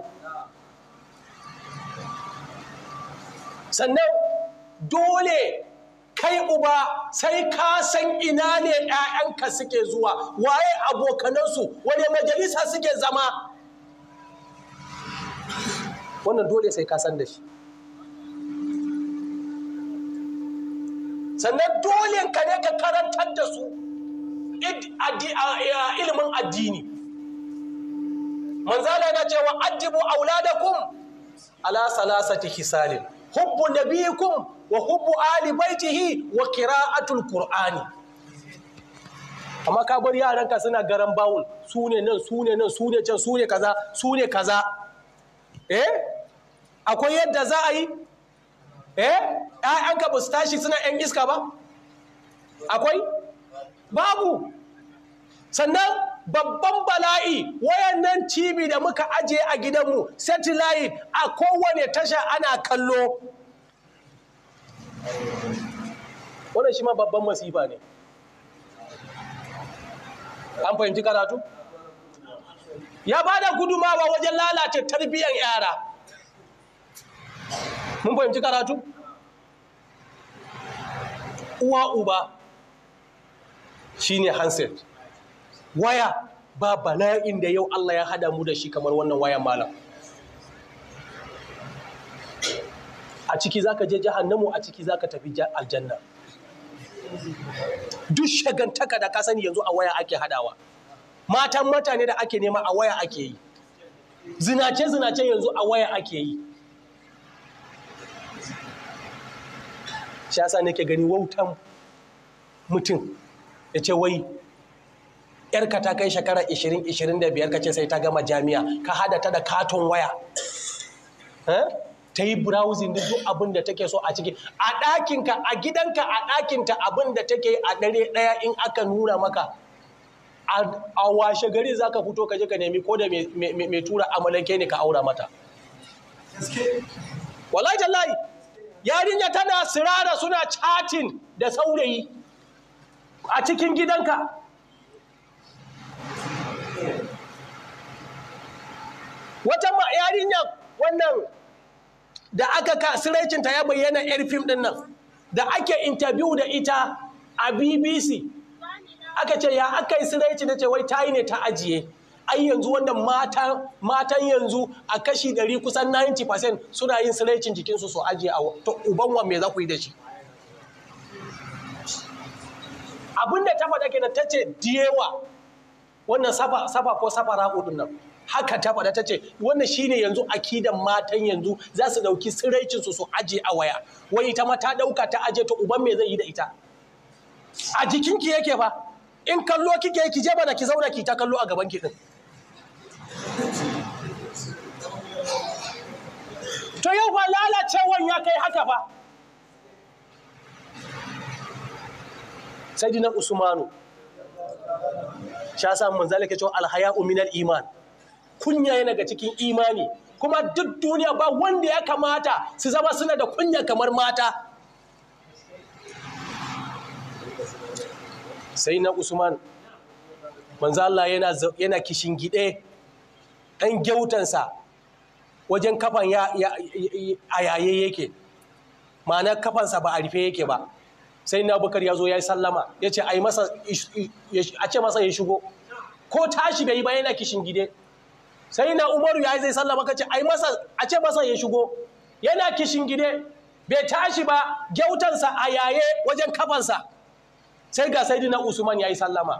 sannan dole kai uba sai ka san ina ne 'ya'yanka suke zuwa waye abokanansu wani majalisa suke zama wannan dole sai ka san da shi sannan dole ka ne ka karantar da su ilimin addini manzala na cewa addibu auladakum ala salasati hisalin hubbu nabiyikum wa hubbu ali baitihi wa qira'atul qur'ani amma ka bar ka suna garan bawul su ne nan su ne nan su ne can su ne kaza su ne kaza eh akwai yadda za a yi eh yayanka ba su tashi suna 'yan iska ba akwai babu sannan babban bala'i wayannan TV da muka ajiye a gidanmu satellite a kowane tasha ana kallo wannan shi ma babban masifa ne an fahimci karatu ya bada gudumawa wajen lalata tarbiyyar yara mun fahimci karatu uwa uba shine handset waya ba bala'in da yau Allah ya hada mu da shi kamar wannan wayan malam a ciki zaka je jahannamu a ciki zaka tafi aljanna duk shagantaka da ka sani yanzu a waya ake hadawa matan mutane da ake nema a waya ake yi zinace zinace yanzu a waya ake yi shi yasa nake gani wautan mutum ya ce wai yarka ta kai shekara 20-25 ka ce sai ta gama jami'a ka hada ta da katon waya eh? ta yi browsing da duk abin da take so a ciki a ɗakinka a gidanka a ɗakinta abin da take a ɗare ɗaya in aka nuna maka a washe gari za ka fito ka je ka nemi ko da mai tura amalanke ne ka aura mata wallahi tallahi yarinya tana sirara suna catin da saurayi a cikin gidanka wata yarinya wannan da aka kasiraicinta ya bayyana yar fim din nan da ake interview da ita a bbc aka ce ya aka yi siraici da ce wai ta yi ne ta ajiye ai yanzu wannan matan matan yanzu a kashi ɗari kusan 90% suna yin sirecin jikinsu su ajiye a to uban wa me za ku yi da shi abin da ta faɗa kenan ta ce diyewa wannan safa safa ko safa raƙo ɗin nan haka ta faɗa ta ce wannan shine yanzu akidan matan yanzu za su ɗauki tsiraicin su su a waya wai ita ma ta ɗauka ta ajiye to uban me zai yi da ita a jikinki yake fa in kallo kike ki je bana ki zauna ki ta kallo a gaban ki din to yau ba lalacewan ya kai haka ba sai na usmanu sha samun manzali ke cewa alhaya'u minal iman kunya yana daga cikin imani kuma duk duniya ba wanda ya kamata su zama suna da kunya kamar mata sai na usman manzala yana kishin gide ɗan gyautansa wajen kafan a yaye yake ma'ana kafansa ba a rufe yake ba sai na bukar ya zo ya yi sallama ya ce a ce masa ya shigo ko tashi bai yi ba yana kishin gide sai na umaru ya yi zai sallama ka ce a ce masa ya shigo yana kishin gide bai tashi ba gyautansa a yaye wajen kafansa sai ga sai na usman ya yi sallama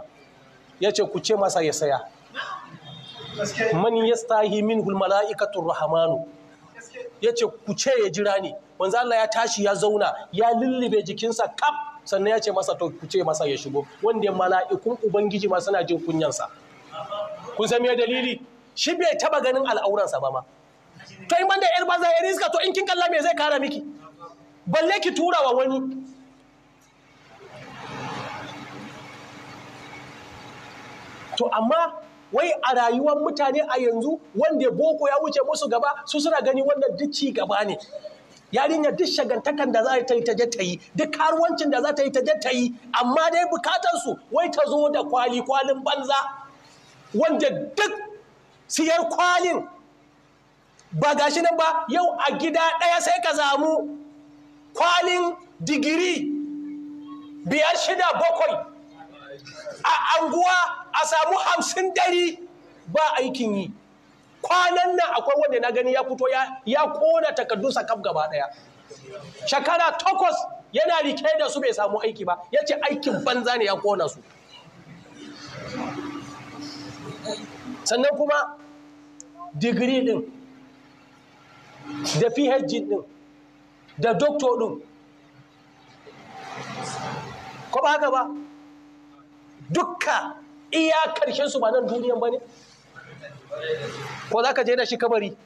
ya ce ku ce masa ya saya man yastahi minhul malaikatu rahmanu yace ku ce ya jira ni manzo Allah ya tashi ya zauna ya lullube jikinsa kaf sannan ya ce masa to ku ce masa ya shigo wanda mala'ikun ubangiji ma suna jin sa kun san me dalili shi bai taba ganin al'auransa ba ma to in banda yar banza yar iska to in kin kalla me zai kara miki balle ki tura wa wani to amma wai a rayuwar mutane a yanzu wanda boko ya wuce musu gaba su suna gani wannan duk ci gaba ne yarinyar duk shagantakan da za ta yi ta ta yi duk karuwancin da za ta yi ta ta yi amma dai bukatar su wai ta zo da kwali kwalin banza wanda duk siyar kwalin ba gashi nan ba yau a gida ɗaya sai ka zamu kwalin digiri biyar shida bakwai a anguwa a samu hamsin dari ba aikin yi kwanan nan akwai wanda na gani ya fito ya kona sa kaf gaba daya shekara takwas yana rike da su bai samu aiki ba ya ce aikin banza ne ya kona su sannan kuma digiri din da phd din da doktor din ko ba haka ba dukka iya karshen su ba nan duniyan bane ko za ka je da shi kabari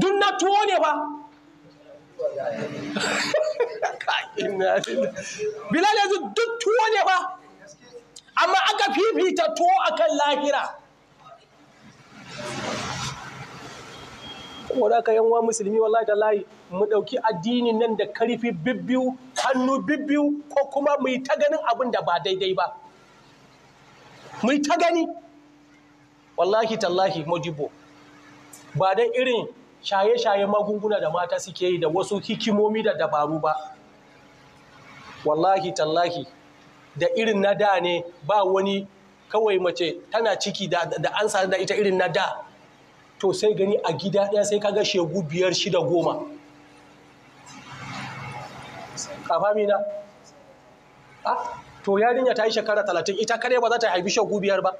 dun na tuwo ne ba bilal yanzu duk tuwo ne ba amma aka fifita tuwo akan lahira ko da ka yanwa musulmi wallahi layi, mu dauki addini nan da karfi bibbiyu hannu bibbiyu ko kuma mu yi ta ganin abin da ba daidai ba Mai ta gani wallahi tallahi majibo. ba dai irin shaye-shaye magunguna da mata suke yi da wasu hikimomi da dabaru ba wallahi tallahi da irin na da ne ba wani kawai mace tana ciki da, an sa da ita irin na da to sai gani a gida ɗaya sai kaga shegu biyar shida goma a to yarinya ta yi shekara talatin ita kare ba za ta haifi shagu biyar ba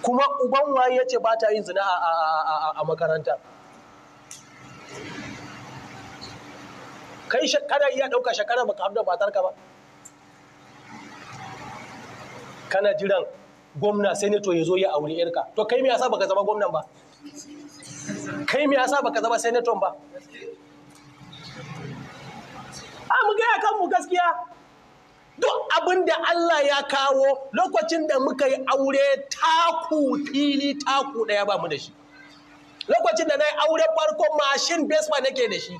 kuma uban waye ya ce ba ta yin zina a makaranta kai shekara iya ɗauka shekara baka abda matarka ba kana jiran gwamna to ya zo ya aure irka, to kai me yasa baka zama gwamnan ba kai me yasa baka zama senator ba a ah, mu gaya kanmu gaskiya duk abin da Allah ya kawo lokacin da muka yi aure taku fili taku ɗaya ba mu da shi lokacin da na yi aure farko mashin besma nake da shi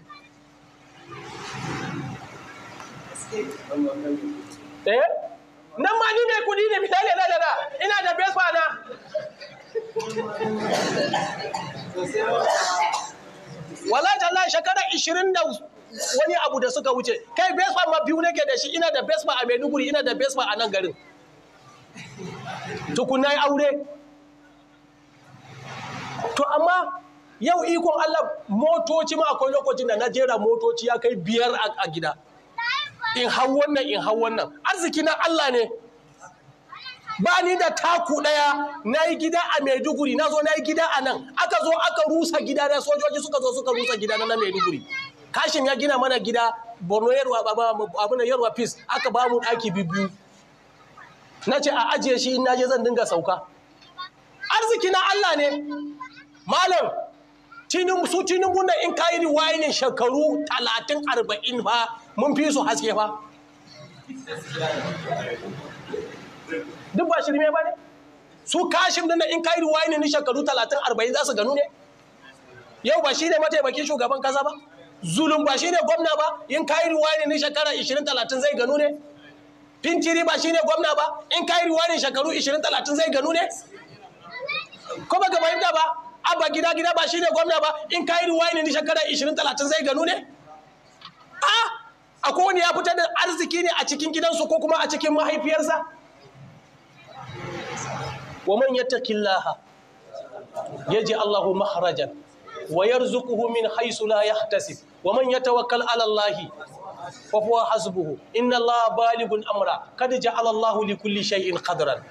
eh nan ma ni mai kudi ne misali na da ina da besma na wala jalla shekara ishirin da wani abu da suka wuce kai baseball ma biyu nake da shi ina da baseball a maiduguri ina da baseball a nan garin tukuna yi aure to amma yau ikon allah motoci ma akwai lokacin da na jera motoci ya kai biyar a gida in hau wannan in hau wannan arziki na allah ne ba ni da taku ɗaya na yi gida a maiduguri na zo na yi gida a nan aka zo aka rusa gida na sojoji suka zo suka rusa gida na maiduguri kashim ya gina mana gida borno yarwa abin yarwa peace aka ba mu ɗaki biyu na ce a ajiye shi in naje zan dinga sauka arziki na allah ne malam tinin su tinin da in kayi riwayanin shekaru talatin arba'in fa mun fi su haske fa duk ba shirme ba ne su kashin dinnan in kayi ne shekaru talatin arba'in za su ganu ne yau ba shi ne mataimakin shugaban kasa ba zulum ba shine gwamna ba in kayi ruwani ne shekara 20 30 zai ganu ne Pintiri ba shine gwamna ba in kayi ruwani shekaru 20 30 zai ganu ne ko ba ka ba abba gida gida ba shine gwamna ba in kayi ruwani ne shekara 20 30 zai ganu ne a akwai wani ya fitar da arziki ne a cikin gidansu ko kuma a cikin mahaifiyarsa wa man yattaqillaha yaj'al Allahu mahrajan wa yarzuquhu min haythu la yahtasib ومن يتوكل على الله فهو حسبه إن الله بالغ أمره قد جعل الله لكل شيء قدرا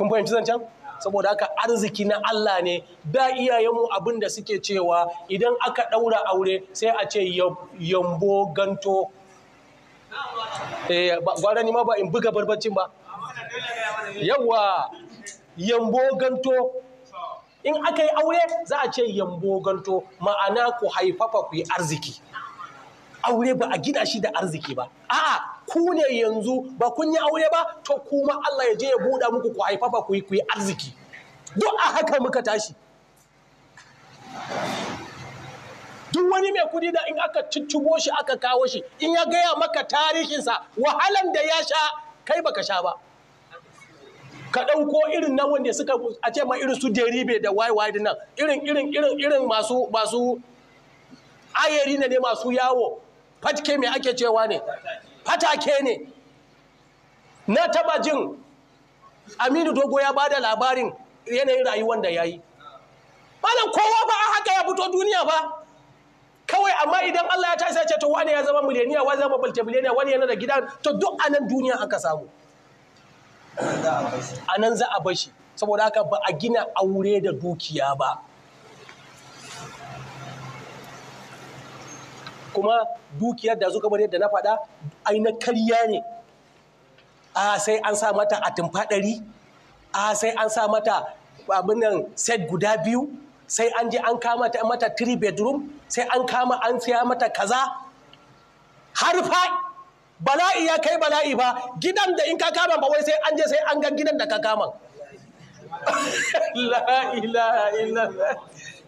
kun fahimci zancen saboda haka arziki na Allah ne da iyayenmu abin da suke cewa idan aka ɗaura aure sai a ce yambo ganto gwara ni ma ba in buga barbacin ba yawa yambo ganto in aka yi aure za a ce yambo ma'ana ku haifafa ku yi arziki aure ba a gina shi da arziki ba a'a ku ne yanzu ba kun yi aure ba to kuma Allah ya je ya buɗa muku ku haifafa ku yi ku yi arziki duk a haka muka tashi duk wani mai kudi da in aka ciccibo shi aka kawo shi in ya gaya maka tarihinsa wahalan da ya sha kai baka sha ba ka ɗauko irin nan wanda suka a ce ma irin su deribe da waiwai nan irin irin irin irin masu masu ayari ne ne masu yawo fatke me ake cewa ne fatake ne na taba jin aminu dogo ya ba da labarin yanayin rayuwar da ya yi ba kowa ba a haka ya fito duniya ba kawai amma idan Allah ya ta sai ce to wani ya zama miliyaniya wani ya zama miliyaniya, wani yana da gidan to duk anan duniya aka samu a nan za a bashi saboda haka ba a gina aure da dukiya ba kuma dukiyar da zuka da na faɗa aina karya ne a sai an sa mata a tumfaɗari a sai an sa mata abinan set guda biyu sai an je an kama ta mata three bedroom sai an kama an siya mata kaza har fa bala'i ya kai bala'i ba gidan da in ka kama ba wai sai an je sai an ga gidan da ka kama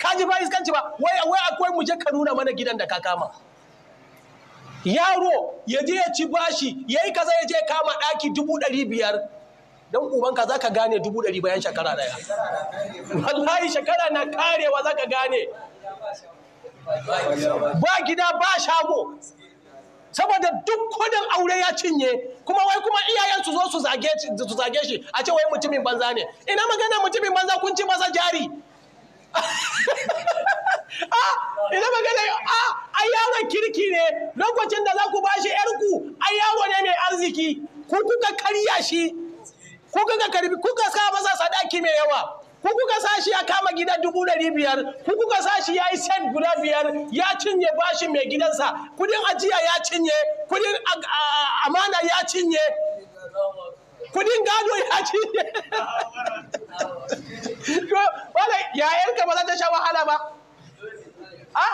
ka ji ba iskanci ba wai wai akwai mu je ka nuna mana gidan da ka kama yaro ya je ya ci bashi ya yi kaza ya je kama ɗaki dubu ɗari biyar don ubanka za ka gane dubu ɗari bayan shekara ɗaya wallahi shekara na karewa za ka gane ba gida ba shago saboda duk kudin aure ya cinye kuma wai kuma iyayen su zo su zage su zage shi a ce wai mutumin banza ne ina magana mutumin banza kun ci masa jari ah, ina magana a ah, ai yaron kirki ne lokacin da za ku ba shi ku ai yaro ne mai arziki ku kuka karya shi kuka karbi kuka sa masa sadaki mai yawa ku kuka sa shi ya kama gida dubu ɗari biyar ku kuka sa shi ya yi sen guda biyar ya cinye bashi mai gidansa kudin ajiya ya cinye kudin amana ya cinye kudin gado ya cinye wala yayarka ba za ta sha wahala ba A,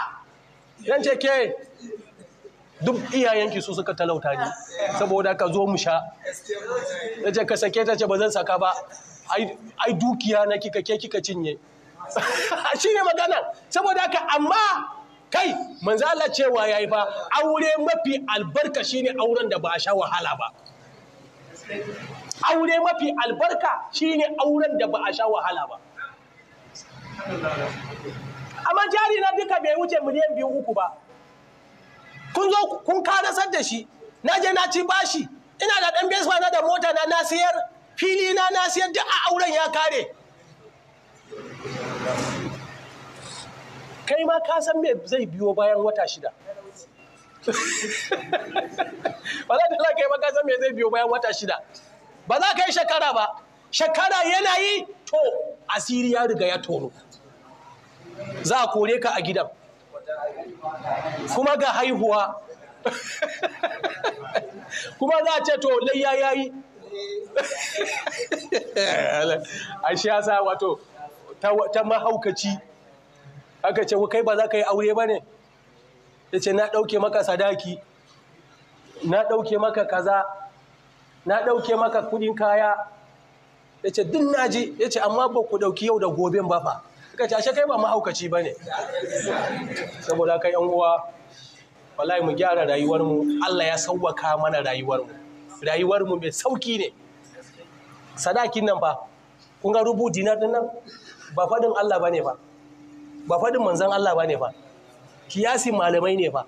yan ce ke duk iyayenki su suka talauta ne saboda ka zo mu sha ta ce ka sake ta ce ba zan saka ba ai dukiya na kika ke kika cinye shi ne magana saboda haka amma kai manzo Allah cewa yayi fa aure mafi albarka shine auren da ba a sha wahala ba aure mafi albarka shine auren da ba a sha wahala ba amma jari na duka bai wuce miliyan biyu uku ba kun zo kun karasar da shi na je na ci bashi ina da ɗan baseball na da mota na na sayar fili na na siyar da a auren ya kare kai ma ka san me zai biyo bayan wata shida ba za ka kai ma ka san me zai biyo bayan wata shida ba za ka yi shekara ba shekara yana yi to asiri ya riga ya toro za a kore ka a gidan kuma ga haihuwa kuma za a ce to layya yayi a shi yasa wato ta mahaukaci aka ce kai ba za ka yi aure ba ne ya ce na ɗauke maka sadaki na ɗauke maka kaza na ɗauke maka kudin kaya ya ce din naji ya ce amma ba ku ɗauki yau da gobe ba fa ka ce ashe kai ba mahaukaci ba ne saboda kai yan uwa wallahi mu gyara rayuwarmu Allah ya sauwaka mana rayuwarmu rayuwarmu mai sauki ne sadakin nan ba kun ga rubu na dinnan ba faɗin Allah ba ne ba ba faɗin manzan Allah ba ne ba kiyasin malamai ne ba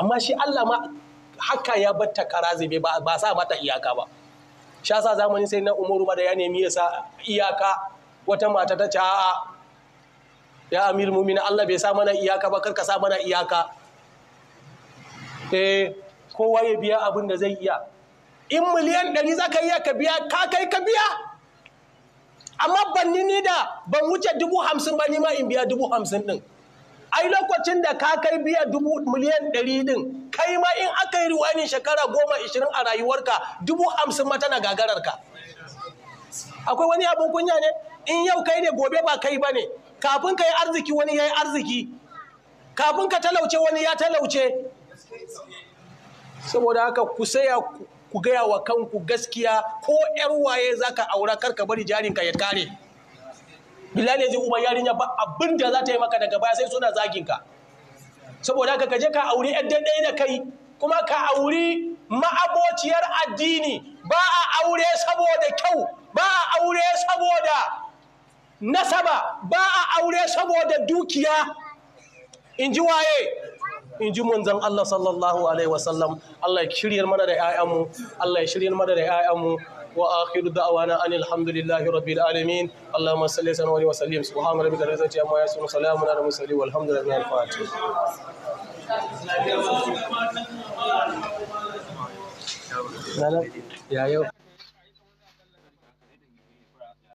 amma shi Allah ma haka ya batta kara zube ba sa mata iyaka ba sha sa zamanin sai na umaru ma da ya nemi ya sa iyaka wata mata ta ce a ya amir mumin Allah bai sa mana iyaka ba kar ka sa mana iyaka eh kowa ya biya abin da zai iya in miliyan ɗari za ka iya ka biya ka kai ka biya amma ban ni da ban wuce dubu hamsin ba ni ma in biya dubu hamsin ɗin ai lokacin da ka kai biya dubu miliyan ɗari ɗin kai ma in aka yi ruwanin shekara goma ishirin a rayuwarka dubu hamsin ma tana gagararka akwai wani abin kunya ne in yau kai ne gobe ba kai ba ne kafin ka yi arziki wani ya yi arziki kafin ka talauce wani ya talauce saboda haka ku saya ku gaya wa kanku gaskiya ko yar waye zaka aura kar ka bari ka ya kare bilal yaji umar yarinya ba abin da za ta yi maka daga baya sai suna zagin ka saboda haka kaje ka auri yar daidai da kai kuma ka auri ma'abociyar addini ba a aure saboda kyau ba a aure saboda nasaba ba a aure saboda dukiya in ji waye in ji Allah sallallahu Alaihi wasallam Allah ya shiryar mana da 'ya'yanmu Allah ya shiryar mana da 'ya'yanmu wa akhiru da'wana an alhamdulillahi rabbil alamin Allahumma salli wa sallim wa sallim subhana rabbika rabbil izzati amma yasifun salamun ala mursalin walhamdulillahi rabbil alamin